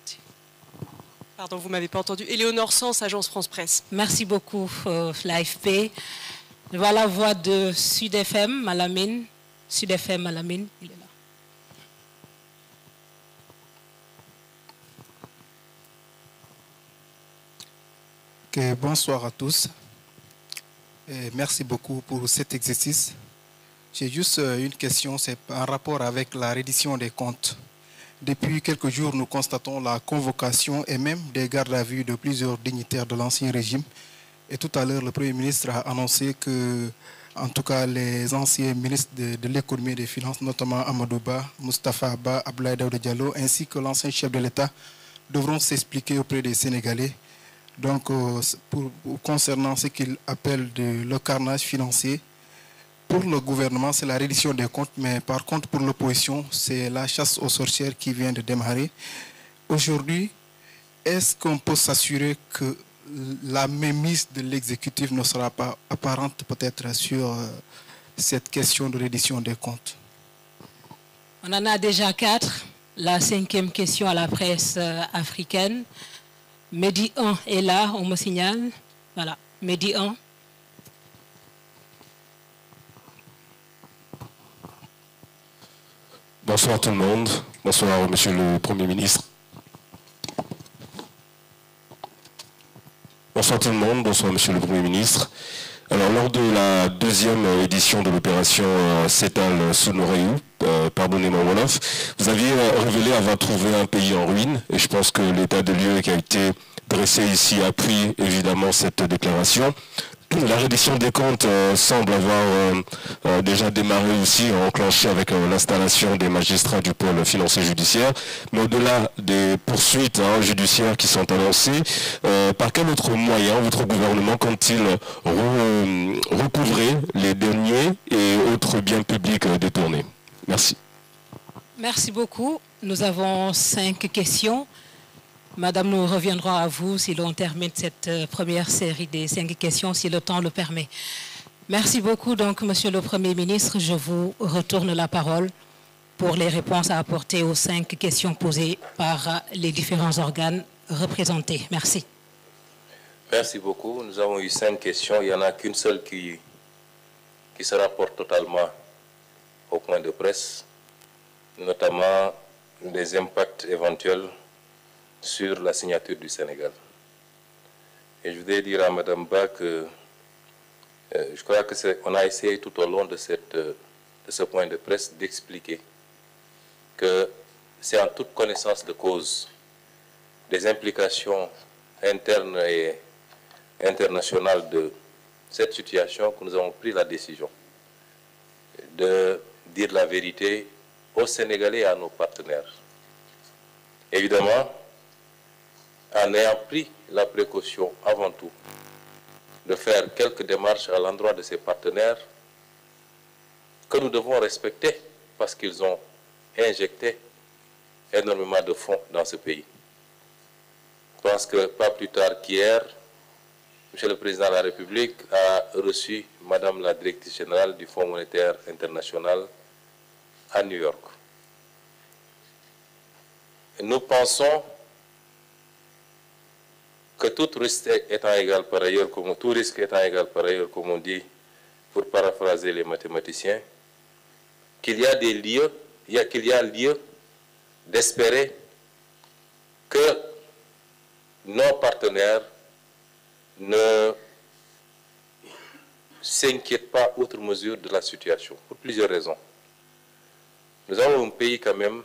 Pardon, vous ne m'avez pas entendu. Éléonore Sens, agence France Presse. Merci beaucoup, euh, l'AFP. Voilà la voix de Sud FM, Malamine. Sud FM, Malamine. Il est bonsoir à tous. merci beaucoup pour cet exercice. J'ai juste euh, une question, c'est en rapport avec la reddition des comptes. Depuis quelques jours, nous constatons la convocation et même des gardes à vue de plusieurs dignitaires de l'ancien régime. Et tout à l'heure, le Premier ministre a annoncé que, en tout cas, les anciens ministres de, l'économie et des finances, notamment Amadouba, Mustafa Abba, Abdoulaye Diallo, ainsi que l'ancien chef de l'État, devront s'expliquer auprès des Sénégalais donc euh, concernant ce qu'il appelle le carnage financier, pour le gouvernement, c'est la reddition des comptes, mais par contre, pour l'opposition, c'est la chasse aux sorcières qui vient de démarrer. Aujourd'hui, est-ce qu'on peut s'assurer que la mémise de l'exécutif ne sera pas apparente peut-être sur euh, cette question de reddition des comptes On en a déjà quatre. La cinquième question à la presse euh, africaine. Mehdi 1 est là, on me signale. Voilà, Mehdi 1. Bonsoir tout le monde. Bonsoir Monsieur le Premier ministre. Bonsoir tout le monde. Bonsoir Monsieur le Premier ministre. Alors lors de la deuxième édition de l'opération CETAL euh, rayons, euh, pardonnez-moi Wolof, vous aviez euh, révélé avoir trouvé un pays en ruine, et je pense que l'état de lieu qui a été dressé ici appuie évidemment cette déclaration. La reddition des comptes euh, semble avoir déjà démarré aussi, enclenché avec l'installation des magistrats du pôle financier judiciaire. Mais au-delà des poursuites hein, judiciaires qui sont annoncées, par quel autre moyen votre gouvernement compte-t-il recouvrer les derniers et autres biens publics détournés Merci. Merci beaucoup. Nous avons cinq questions. Madame, nous reviendrons à vous si l'on termine cette euh, première série des cinq questions, si le temps le permet. Merci beaucoup. Donc, Monsieur le Premier ministre, je vous retourne la parole pour les réponses à apporter aux cinq questions posées par les différents organes représentés. Merci. Merci beaucoup. Nous avons eu cinq questions. Il n'y en a qu'une seule qui, qui se rapporte totalement au point de presse, notamment des impacts éventuels sur la signature du Sénégal. Et je voudrais dire à Mme Ba que euh, je crois qu'on a essayé tout au long de, cette, euh, de ce point de presse d'expliquer que c'est en toute connaissance de cause des implications internes et internationales de cette situation que nous avons pris la décision de dire la vérité aux Sénégalais et à nos partenaires. Évidemment, en ayant pris la précaution avant tout de faire quelques démarches à l'endroit de ces partenaires que nous devons respecter parce qu'ils ont injecté énormément de fonds dans ce pays. Je pense que pas plus tard qu'hier, M. le Président de la République a reçu Madame la Directrice Générale du Fonds monétaire international à New York. Nous pensons que tout risque étant égal par ailleurs, comme, tout risque égal par ailleurs, comme on dit, pour paraphraser les mathématiciens, qu'il y a des lieux, qu'il y a lieu d'espérer que nos partenaires ne s'inquiètent pas outre mesure de la situation, pour plusieurs raisons. Nous avons un pays quand même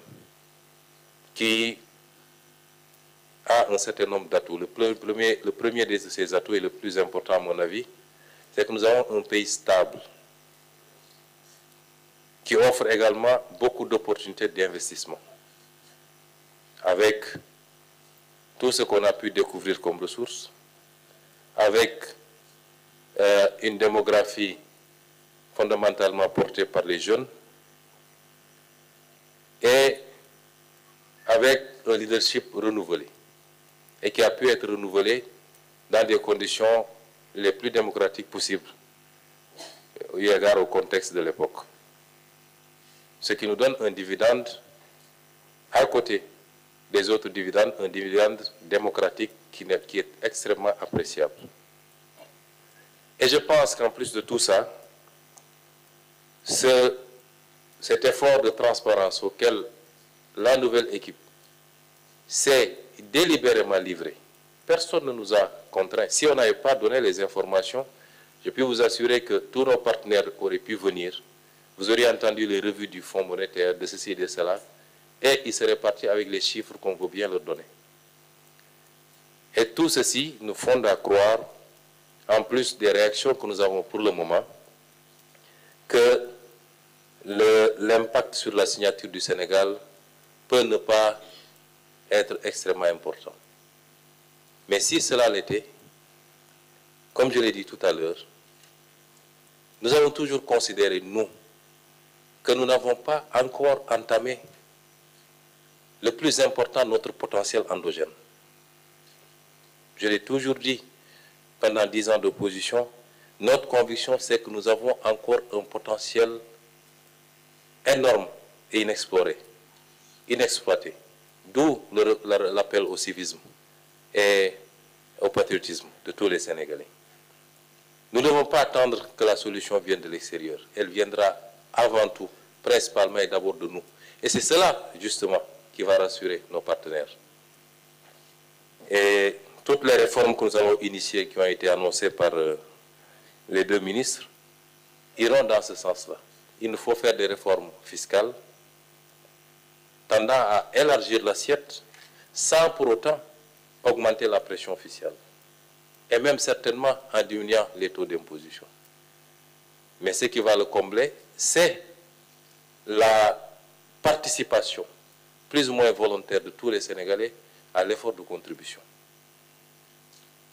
qui a un certain nombre d'atouts. Le premier, le premier de ces atouts et le plus important à mon avis, c'est que nous avons un pays stable qui offre également beaucoup d'opportunités d'investissement avec tout ce qu'on a pu découvrir comme ressources, avec euh, une démographie fondamentalement portée par les jeunes, mais avec un leadership renouvelé et qui a pu être renouvelé dans des conditions les plus démocratiques possibles, au euh, regard au contexte de l'époque. Ce qui nous donne un dividende à côté des autres dividendes, un dividende démocratique qui, qui est extrêmement appréciable. Et je pense qu'en plus de tout ça, ce cet effort de transparence auquel la nouvelle équipe s'est délibérément livrée, personne ne nous a contraints. Si on n'avait pas donné les informations, je peux vous assurer que tous nos partenaires auraient pu venir. Vous auriez entendu les revues du Fonds monétaire, de ceci et de cela, et ils seraient partis avec les chiffres qu'on veut bien leur donner. Et tout ceci nous fonde à croire, en plus des réactions que nous avons pour le moment, que l'impact sur la signature du Sénégal peut ne pas être extrêmement important. Mais si cela l'était, comme je l'ai dit tout à l'heure, nous avons toujours considéré, nous, que nous n'avons pas encore entamé le plus important, notre potentiel endogène. Je l'ai toujours dit pendant dix ans d'opposition, notre conviction c'est que nous avons encore un potentiel endogène énorme et inexploré, inexploité. D'où l'appel au civisme et au patriotisme de tous les Sénégalais. Nous ne devons pas attendre que la solution vienne de l'extérieur. Elle viendra avant tout, principalement et d'abord de nous. Et c'est cela, justement, qui va rassurer nos partenaires. Et toutes les réformes que nous avons initiées, qui ont été annoncées par euh, les deux ministres, iront dans ce sens-là il nous faut faire des réformes fiscales tendant à élargir l'assiette sans pour autant augmenter la pression fiscale et même certainement en diminuant les taux d'imposition. Mais ce qui va le combler, c'est la participation plus ou moins volontaire de tous les Sénégalais à l'effort de contribution.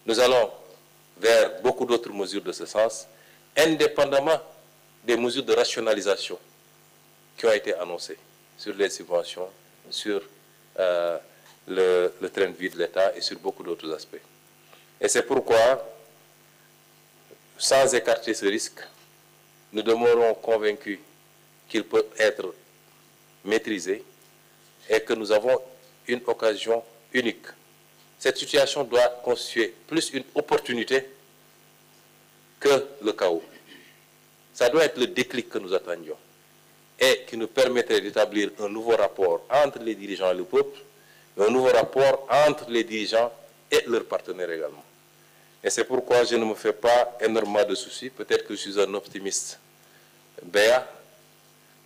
Nous allons vers beaucoup d'autres mesures de ce sens, indépendamment des mesures de rationalisation qui ont été annoncées sur les subventions, sur euh, le, le, train de vie de l'État et sur beaucoup d'autres aspects. Et c'est pourquoi, sans écarter ce risque, nous demeurons convaincus qu'il peut être maîtrisé et que nous avons une occasion unique. Cette situation doit constituer plus une opportunité que le chaos. Ça doit être le déclic que nous attendions et qui nous permettrait d'établir un nouveau rapport entre les dirigeants et le peuple, un nouveau rapport entre les dirigeants et leurs partenaires également. Et c'est pourquoi je ne me fais pas énormément de soucis. Peut-être que je suis un optimiste béat,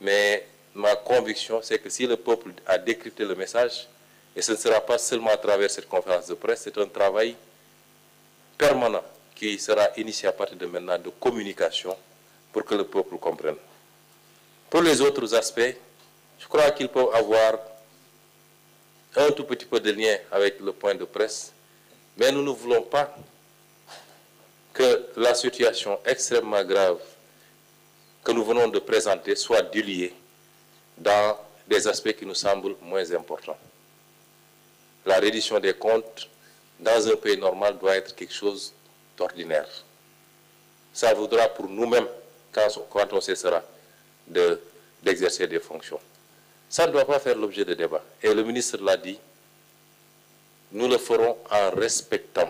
mais ma conviction, c'est que si le peuple a décrypté le message, et ce ne sera pas seulement à travers cette conférence de presse, c'est un travail permanent qui sera initié à partir de maintenant de communication pour que le peuple comprenne. Pour les autres aspects, je crois qu'il peut avoir un tout petit peu de lien avec le point de presse, mais nous ne voulons pas que la situation extrêmement grave que nous venons de présenter soit diluée dans des aspects qui nous semblent moins importants. La reddition des comptes dans un pays normal doit être quelque chose d'ordinaire. Ça voudra pour nous-mêmes quand on cessera d'exercer des fonctions. Ça ne doit pas faire l'objet de débat. Et le ministre l'a dit, nous le ferons en respectant.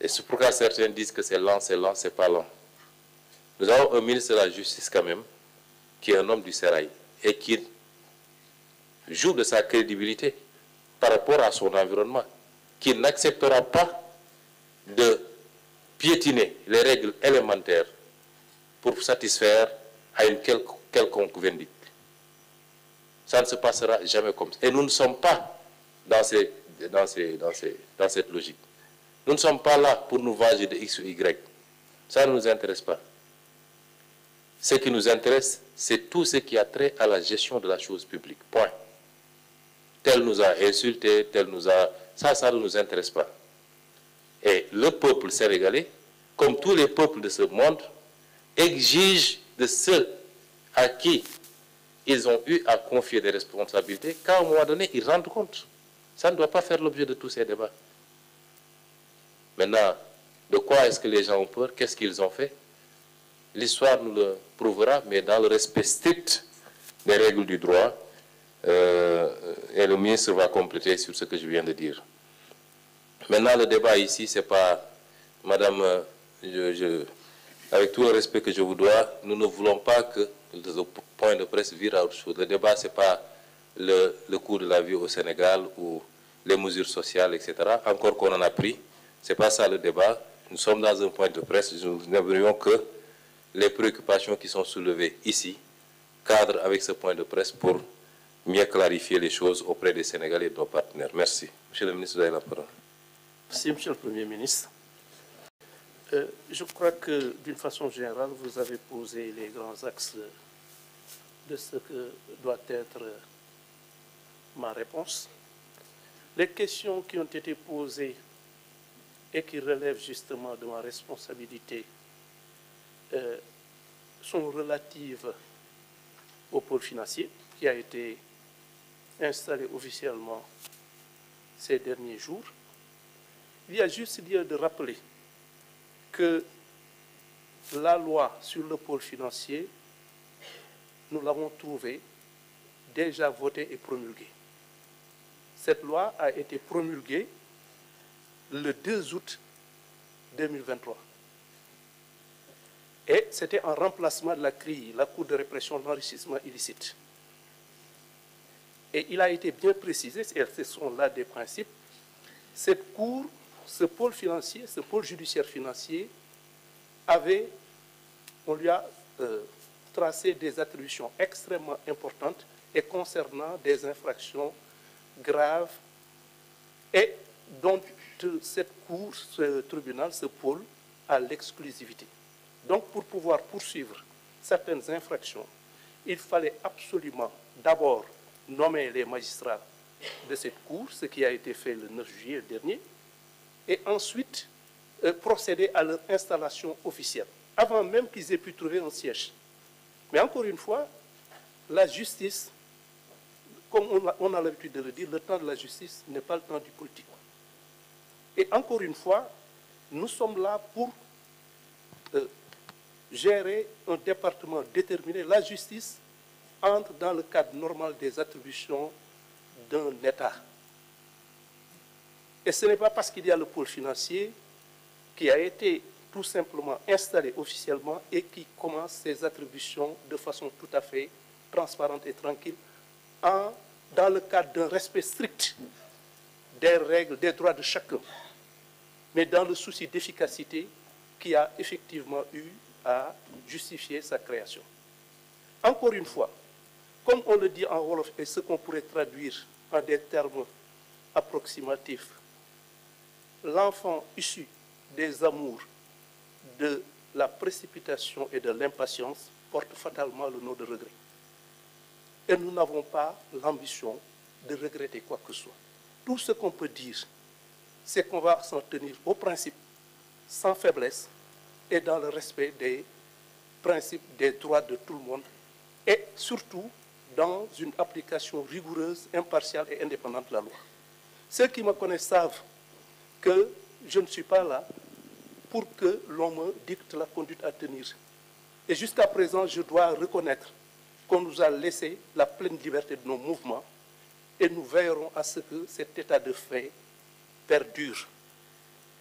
Et c'est pourquoi certains disent que c'est lent, c'est lent, c'est pas lent. Nous avons un ministre de la Justice quand même, qui est un homme du Serail, et qui joue de sa crédibilité par rapport à son environnement, qui n'acceptera pas de piétiner les règles élémentaires pour satisfaire à une quelconque vendite. Ça ne se passera jamais comme ça. Et nous ne sommes pas dans, ces, ces, dans, cette logique. Nous ne sommes pas là pour nous vager de X ou Y. Ça ne nous intéresse pas. Ce qui nous intéresse, c'est tout ce qui a trait à la gestion de la chose publique. Point. Tel nous a insultés, tel nous a... Ça, ça ne nous intéresse pas. Et le peuple s'est régalé, comme tous les peuples de ce monde, exige de ceux à qui ils ont eu à confier des responsabilités qu'à un moment donné, ils rendent compte. Ça ne doit pas faire l'objet de tous ces débats. Maintenant, de quoi est-ce que les gens ont peur Qu'est-ce qu'ils ont fait L'histoire nous le prouvera, mais dans le respect strict des règles du droit, euh, et le ministre va compléter sur ce que je viens de dire. Maintenant, le débat ici, c'est pas Madame, euh, je avec tout le respect que je vous dois, nous ne voulons pas que le point de presse vire à autre chose. Le débat, ce n'est pas le, cours de la vie au Sénégal ou les mesures sociales, etc. Encore qu'on en a pris, ce n'est pas ça le débat. Nous sommes dans un point de presse, nous n'aimerions que les préoccupations qui sont soulevées ici cadrent avec ce point de presse pour mieux clarifier les choses auprès des Sénégalais et de nos partenaires. Merci. Monsieur le ministre, vous avez la parole. Merci, Monsieur le Premier ministre. Euh, je crois que, d'une façon générale, vous avez posé les grands axes de ce que doit être ma réponse. Les questions qui ont été posées et qui relèvent justement de ma responsabilité euh, sont relatives au pôle financier qui a été installé officiellement ces derniers jours. Il y a juste lieu de rappeler que la loi sur le pôle financier, nous l'avons trouvée déjà votée et promulguée. Cette loi a été promulguée le 2 août 2023. Et c'était en remplacement de la CRI, la Cour de répression de l'enrichissement illicite. Et il a été bien précisé, et ce sont là des principes, cette Cour ce pôle financier, ce pôle judiciaire financier, avait, on lui a euh, tracé des attributions extrêmement importantes et concernant des infractions graves et dont cette cour, ce tribunal, ce pôle, a l'exclusivité. Donc pour pouvoir poursuivre certaines infractions, il fallait absolument d'abord nommer les magistrats de cette cour, ce qui a été fait le 9 juillet dernier, et ensuite euh, procéder à leur installation officielle, avant même qu'ils aient pu trouver un siège. Mais encore une fois, la justice, comme on a, l'habitude de le dire, le temps de la justice n'est pas le temps du politique. Et encore une fois, nous sommes là pour euh, gérer un département déterminé. La justice entre dans le cadre normal des attributions d'un État. Et ce n'est pas parce qu'il y a le pôle financier qui a été tout simplement installé officiellement et qui commence ses attributions de façon tout à fait transparente et tranquille en, dans le cadre d'un respect strict des règles, des droits de chacun, mais dans le souci d'efficacité qui a effectivement eu à justifier sa création. Encore une fois, comme on le dit en Wolof et ce qu'on pourrait traduire en des termes approximatifs l'enfant issu des amours, de la précipitation et de l'impatience porte fatalement le nom de regret. Et nous n'avons pas l'ambition de regretter quoi que ce soit. Tout ce qu'on peut dire, c'est qu'on va s'en tenir au principe, sans faiblesse et dans le respect des principes des droits de tout le monde et surtout dans une application rigoureuse, impartiale et indépendante de la loi. Ceux qui me connaissent savent que je ne suis pas là pour que l'on me dicte la conduite à tenir. Et jusqu'à présent, je dois reconnaître qu'on nous a laissé la pleine liberté de nos mouvements et nous veillerons à ce que cet état de fait perdure.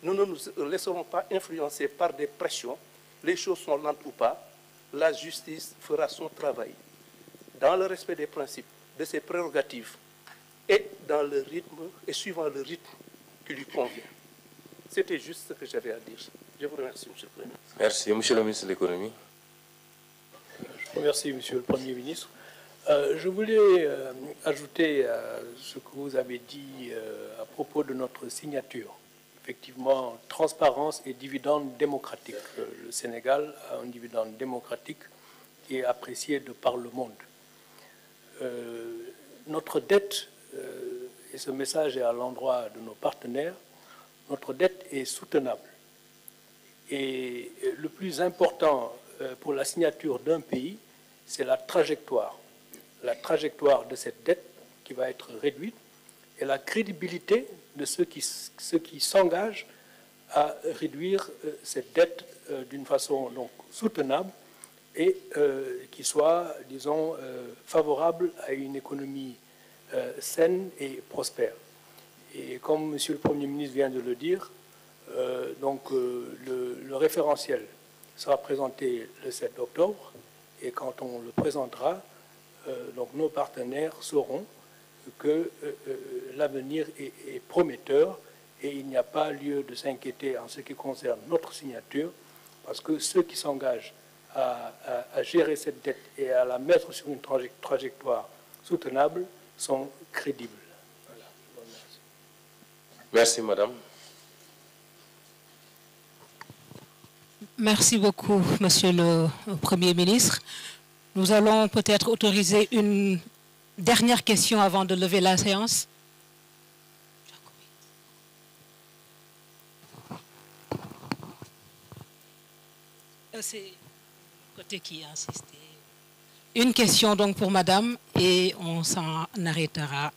Nous ne nous laisserons pas influencer par des pressions. Les choses sont lentes ou pas. La justice fera son travail dans le respect des principes, de ses prérogatives et dans le rythme et suivant le rythme lui convient. C'était juste ce que j'avais à dire. Je vous remercie, Monsieur le Premier ministre. Merci, Monsieur le ministre de l'Économie. Je remercie, Monsieur le Premier ministre. Euh, je voulais euh, ajouter à euh, ce que vous avez dit à propos de notre signature. Effectivement, transparence et dividende démocratique. Le Sénégal a un dividende démocratique qui est apprécié de par le monde. notre dette et ce message est à l'endroit de nos partenaires, notre dette est soutenable. Et euh, le plus important euh, pour la signature d'un pays, c'est la trajectoire. La trajectoire de cette dette qui va être réduite et la crédibilité de ceux qui, ceux qui s'engagent à réduire euh, cette dette d'une façon donc soutenable et qui soit, disons, favorable à une économie euh, saine et prospère. Et comme M. le Premier ministre vient de le dire, euh, donc euh, le, référentiel sera présenté le 7 octobre et quand on le présentera, donc nos partenaires sauront que l'avenir est, prometteur et il n'y a pas lieu de s'inquiéter en ce qui concerne notre signature parce que ceux qui s'engagent à gérer cette dette et à la mettre sur une trajectoire soutenable sont crédibles. Merci, madame. Merci beaucoup, monsieur le Premier ministre. Nous allons peut-être autoriser une dernière question avant de lever la séance. Euh, c'est côté qui a insisté. Une question donc pour Madame et on s'en arrêtera.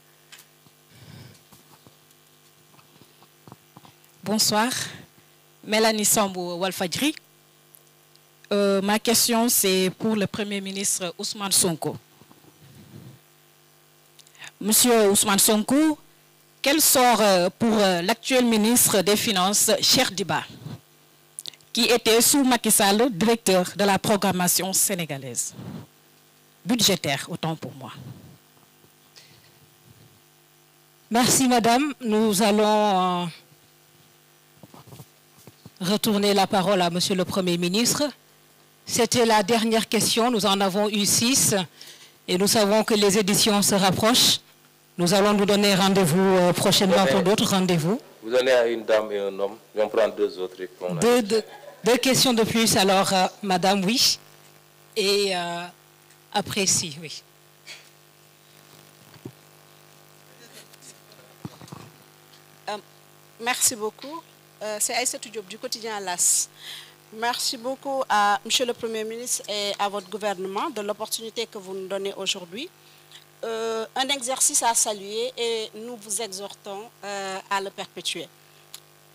Bonsoir. Mélanie Sambou, Walfadri. Euh, ma question, c'est pour le Premier ministre Ousmane Sonko. Monsieur Ousmane Sonko, quel sort euh, pour euh, l'actuel ministre des Finances, Cher Diba, qui était sous Macky directeur de la programmation sénégalaise budgétaire, autant pour moi. Merci, madame. Nous allons euh, retourner la parole à monsieur le Premier ministre. C'était la dernière question. Nous en avons eu six et nous savons que les éditions se rapprochent. Nous allons nous donner rendez-vous euh, prochainement pour eh ben, d'autres rendez-vous. Vous en une dame et un homme. Nous on prendre deux autres. Deux, questions de plus. Alors, euh, madame, oui. Et apprécie, oui. Euh, merci beaucoup. Euh, c'est Aïssa Diop du quotidien LAS. Merci beaucoup à Monsieur le Premier ministre et à votre gouvernement de l'opportunité que vous nous donnez aujourd'hui. Euh, un exercice à saluer et nous vous exhortons à le perpétuer.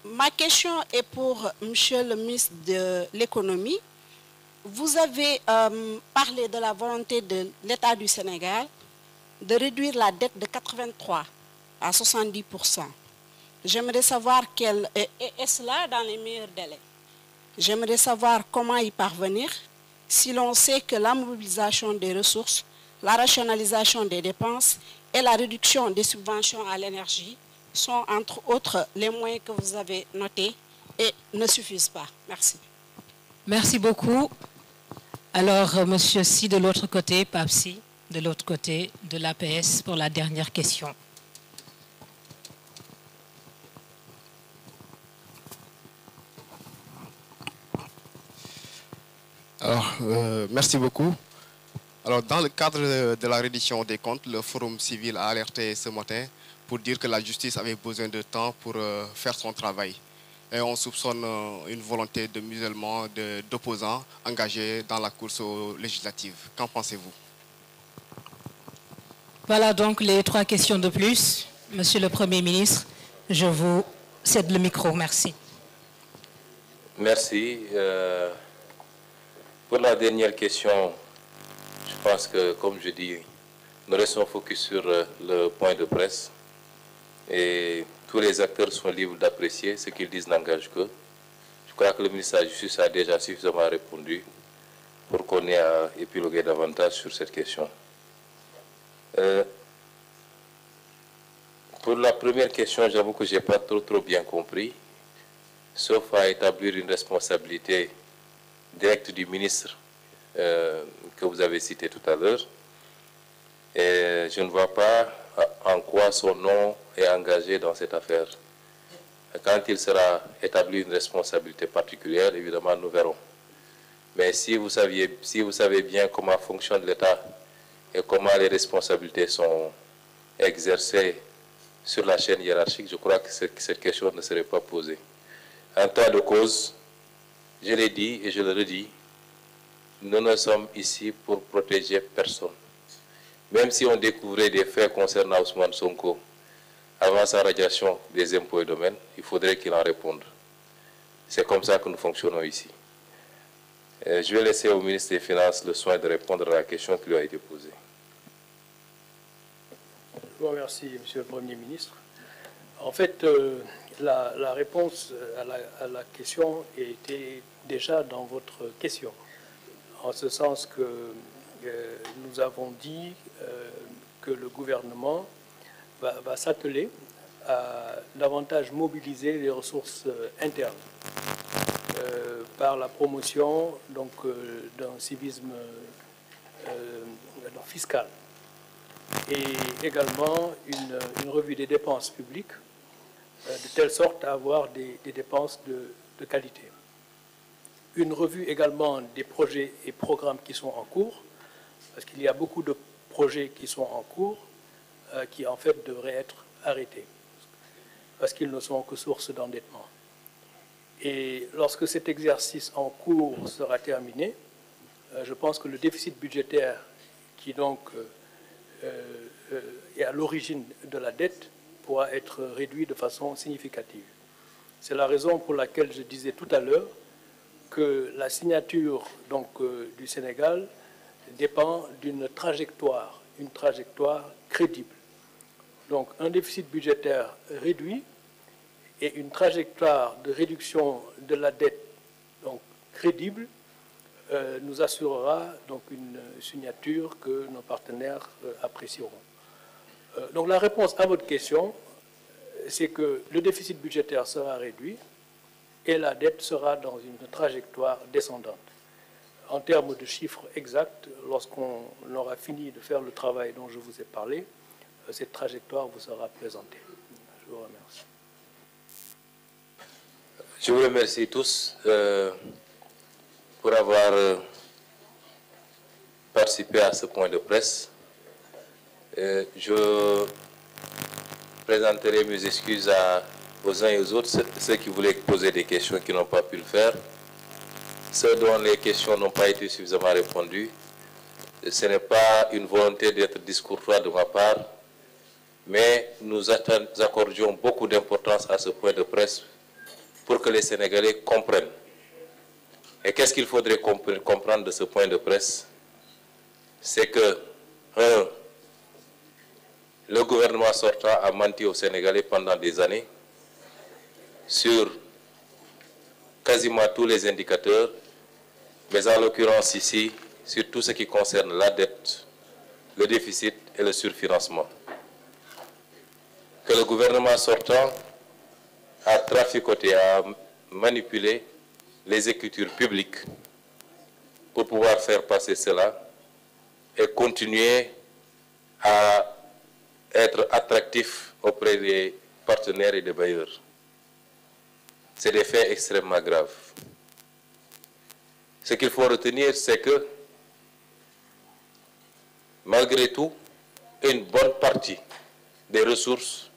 Ma question est pour Monsieur le ministre de l'économie vous avez euh, parlé de la volonté de l'État du Sénégal de réduire la dette de 83 à 70%. J'aimerais savoir quel est, est cela dans les meilleurs délais. J'aimerais savoir comment y parvenir si l'on sait que la mobilisation des ressources, la rationalisation des dépenses et la réduction des subventions à l'énergie sont entre autres les moyens que vous avez notés et ne suffisent pas. Merci. Merci beaucoup. Alors, euh, Monsieur Si de l'autre côté, Papsi de l'autre côté de l'APS pour la dernière question. Euh, merci beaucoup. Alors, dans le cadre de la reddition des comptes, le Forum civil a alerté ce matin pour dire que la justice avait besoin de temps pour euh, faire son travail et on soupçonne euh, une volonté de musulmans, d'opposants engagés dans la course législative. Qu'en pensez-vous Voilà donc les trois questions de plus. Monsieur le Premier ministre, je vous cède le micro. Merci. Merci. Euh, pour la dernière question, je pense que, comme je dis, nous restons focus sur euh, le point de presse et tous les acteurs sont libres d'apprécier ce qu'ils disent n'engage que. Je crois que le ministre de la Justice a déjà suffisamment répondu pour qu'on ait à épiloguer davantage sur cette question. Euh, pour la première question, j'avoue que je n'ai pas trop, trop bien compris, sauf à établir une responsabilité directe du ministre euh, que vous avez cité tout à l'heure. je ne vois pas en quoi son nom est engagé dans cette affaire. quand il sera établi une responsabilité particulière, évidemment, nous verrons. Mais si vous, saviez, si vous savez bien comment fonctionne l'État et comment les responsabilités sont exercées sur la chaîne hiérarchique, je crois que cette question ne serait pas posée. En temps de cause, je l'ai dit et je le redis, nous ne sommes ici pour protéger personne même si on découvrait des faits concernant Ousmane Sonko avant sa radiation des impôts et domaines, il faudrait qu'il en réponde. C'est comme ça que nous fonctionnons ici. Euh, je vais laisser au ministre des Finances le soin de répondre à la question qui lui a été posée. Je vous remercie, Monsieur le Premier ministre. En fait, euh, la, réponse à la, à la question était déjà dans votre question, en ce sens que euh, nous avons dit euh, que le gouvernement va, s'atteler à davantage mobiliser les ressources euh, internes par la promotion donc d'un civisme fiscal et également une, revue des dépenses publiques, de telle sorte à avoir des, dépenses de, qualité. Une revue également des projets et programmes qui sont en cours, parce qu'il y a beaucoup de projets qui sont en cours euh, qui en fait devraient être arrêtés parce qu'ils ne sont que source d'endettement. Et lorsque cet exercice en cours sera terminé, euh, je pense que le déficit budgétaire qui donc euh, est à l'origine de la dette pourra être réduit de façon significative. C'est la raison pour laquelle je disais tout à l'heure que la signature donc, du Sénégal dépend d'une trajectoire, une trajectoire crédible. Donc un déficit budgétaire réduit et une trajectoire de réduction de la dette donc, crédible euh, nous assurera donc une signature que nos partenaires euh, apprécieront. Euh, donc la réponse à votre question, c'est que le déficit budgétaire sera réduit et la dette sera dans une trajectoire descendante en termes de chiffres exacts, lorsqu'on aura fini de faire le travail dont je vous ai parlé, euh, cette trajectoire vous sera présentée. Je vous remercie. Je vous remercie tous euh, pour avoir euh, participé à ce point de presse. je présenterai mes excuses à, aux uns et aux autres, ceux qui voulaient poser des questions qui n'ont pas pu le faire ce dont les questions n'ont pas été suffisamment répondues. Ce n'est pas une volonté d'être discourtois de ma part, mais nous accordions beaucoup d'importance à ce point de presse pour que les Sénégalais comprennent. Et qu'est-ce qu'il faudrait comprendre de ce point de presse C'est que, le gouvernement sortant a menti aux Sénégalais pendant des années sur quasiment tous les indicateurs mais en l'occurrence ici, sur tout ce qui concerne la dette, le déficit et le surfinancement. Que le gouvernement sortant a traficoté, a manipulé les écritures publiques pour pouvoir faire passer cela et continuer à être attractif auprès des partenaires et des bailleurs. C'est des faits extrêmement graves. Ce qu'il faut retenir, c'est que malgré tout, une bonne partie des ressources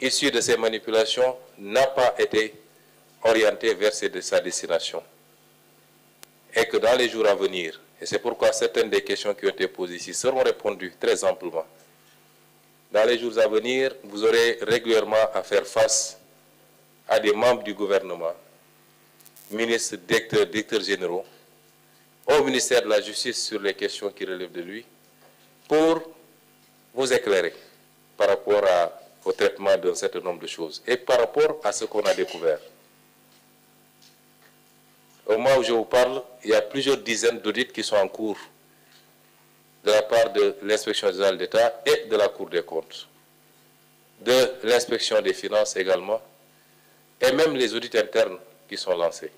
issues de ces manipulations n'a pas été orientée vers sa destination. Et que dans les jours à venir, et c'est pourquoi certaines des questions qui ont été posées ici seront répondues très amplement. Dans les jours à venir, vous aurez régulièrement à faire face à des membres du gouvernement ministre, directeur, directeur généraux, au ministère de la Justice sur les questions qui relèvent de lui, pour vous éclairer par rapport au traitement d'un certain nombre de choses et par rapport à ce qu'on a découvert. Au moment où je vous parle, il y a plusieurs dizaines d'audits qui sont en cours de la part de l'inspection générale d'État et de la Cour des comptes, de l'inspection des finances également, et même les audits internes qui sont lancés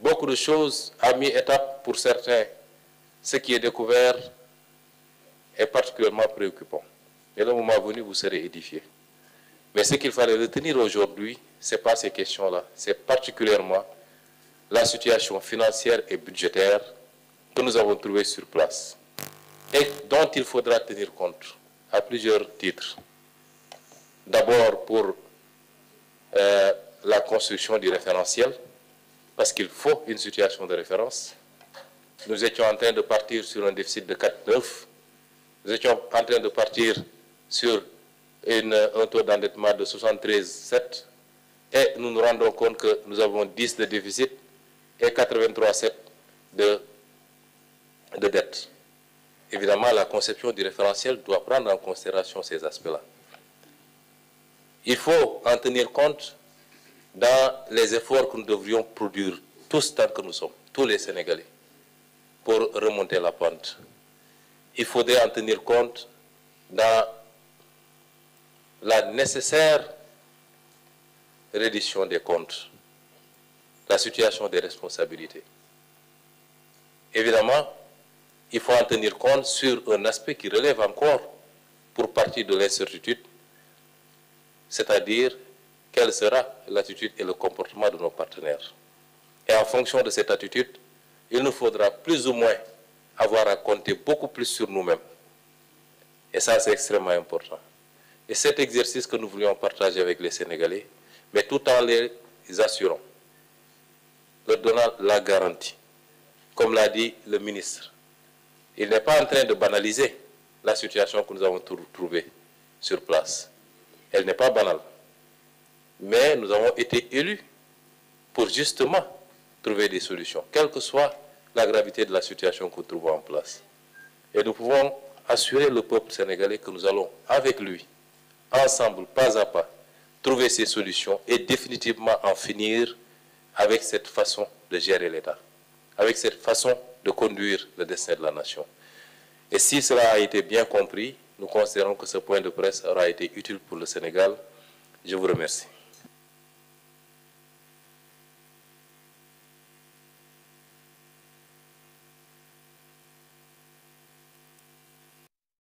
beaucoup de choses à mi-étape pour certains. Ce qui est découvert est particulièrement préoccupant. Et le moment venu, vous serez édifié. Mais ce qu'il fallait retenir aujourd'hui, ce n'est pas ces questions-là. C'est particulièrement la situation financière et budgétaire que nous avons trouvée sur place et dont il faudra tenir compte à plusieurs titres. D'abord pour euh, la construction du référentiel, parce qu'il faut une situation de référence. Nous étions en train de partir sur un déficit de 4,9. Nous étions en train de partir sur une, un taux d'endettement de 73,7. Et nous nous rendons compte que nous avons 10 de déficit et 83,7 de, de dette. Évidemment, la conception du référentiel doit prendre en considération ces aspects-là. Il faut en tenir compte dans les efforts que nous devrions produire, tous tant que nous sommes, tous les Sénégalais, pour remonter la pente. Il faudrait en tenir compte dans la nécessaire reddition des comptes, la situation des responsabilités. Évidemment, il faut en tenir compte sur un aspect qui relève encore pour partie de l'incertitude, c'est-à-dire quelle sera l'attitude et le comportement de nos partenaires. Et en fonction de cette attitude, il nous faudra plus ou moins avoir à compter beaucoup plus sur nous-mêmes. Et ça, c'est extrêmement important. Et cet exercice que nous voulions partager avec les Sénégalais, mais tout en les assurant, le donnant la garantie. Comme l'a dit le ministre, il n'est pas en train de banaliser la situation que nous avons trouvée sur place. Elle n'est pas banale. Mais nous avons été élus pour justement trouver des solutions, quelle que soit la gravité de la situation que nous trouvons en place. Et nous pouvons assurer le peuple sénégalais que nous allons, avec lui, ensemble, pas à pas, trouver ces solutions et définitivement en finir avec cette façon de gérer l'État, avec cette façon de conduire le destin de la nation. Et si cela a été bien compris, nous considérons que ce point de presse aura été utile pour le Sénégal. Je vous remercie.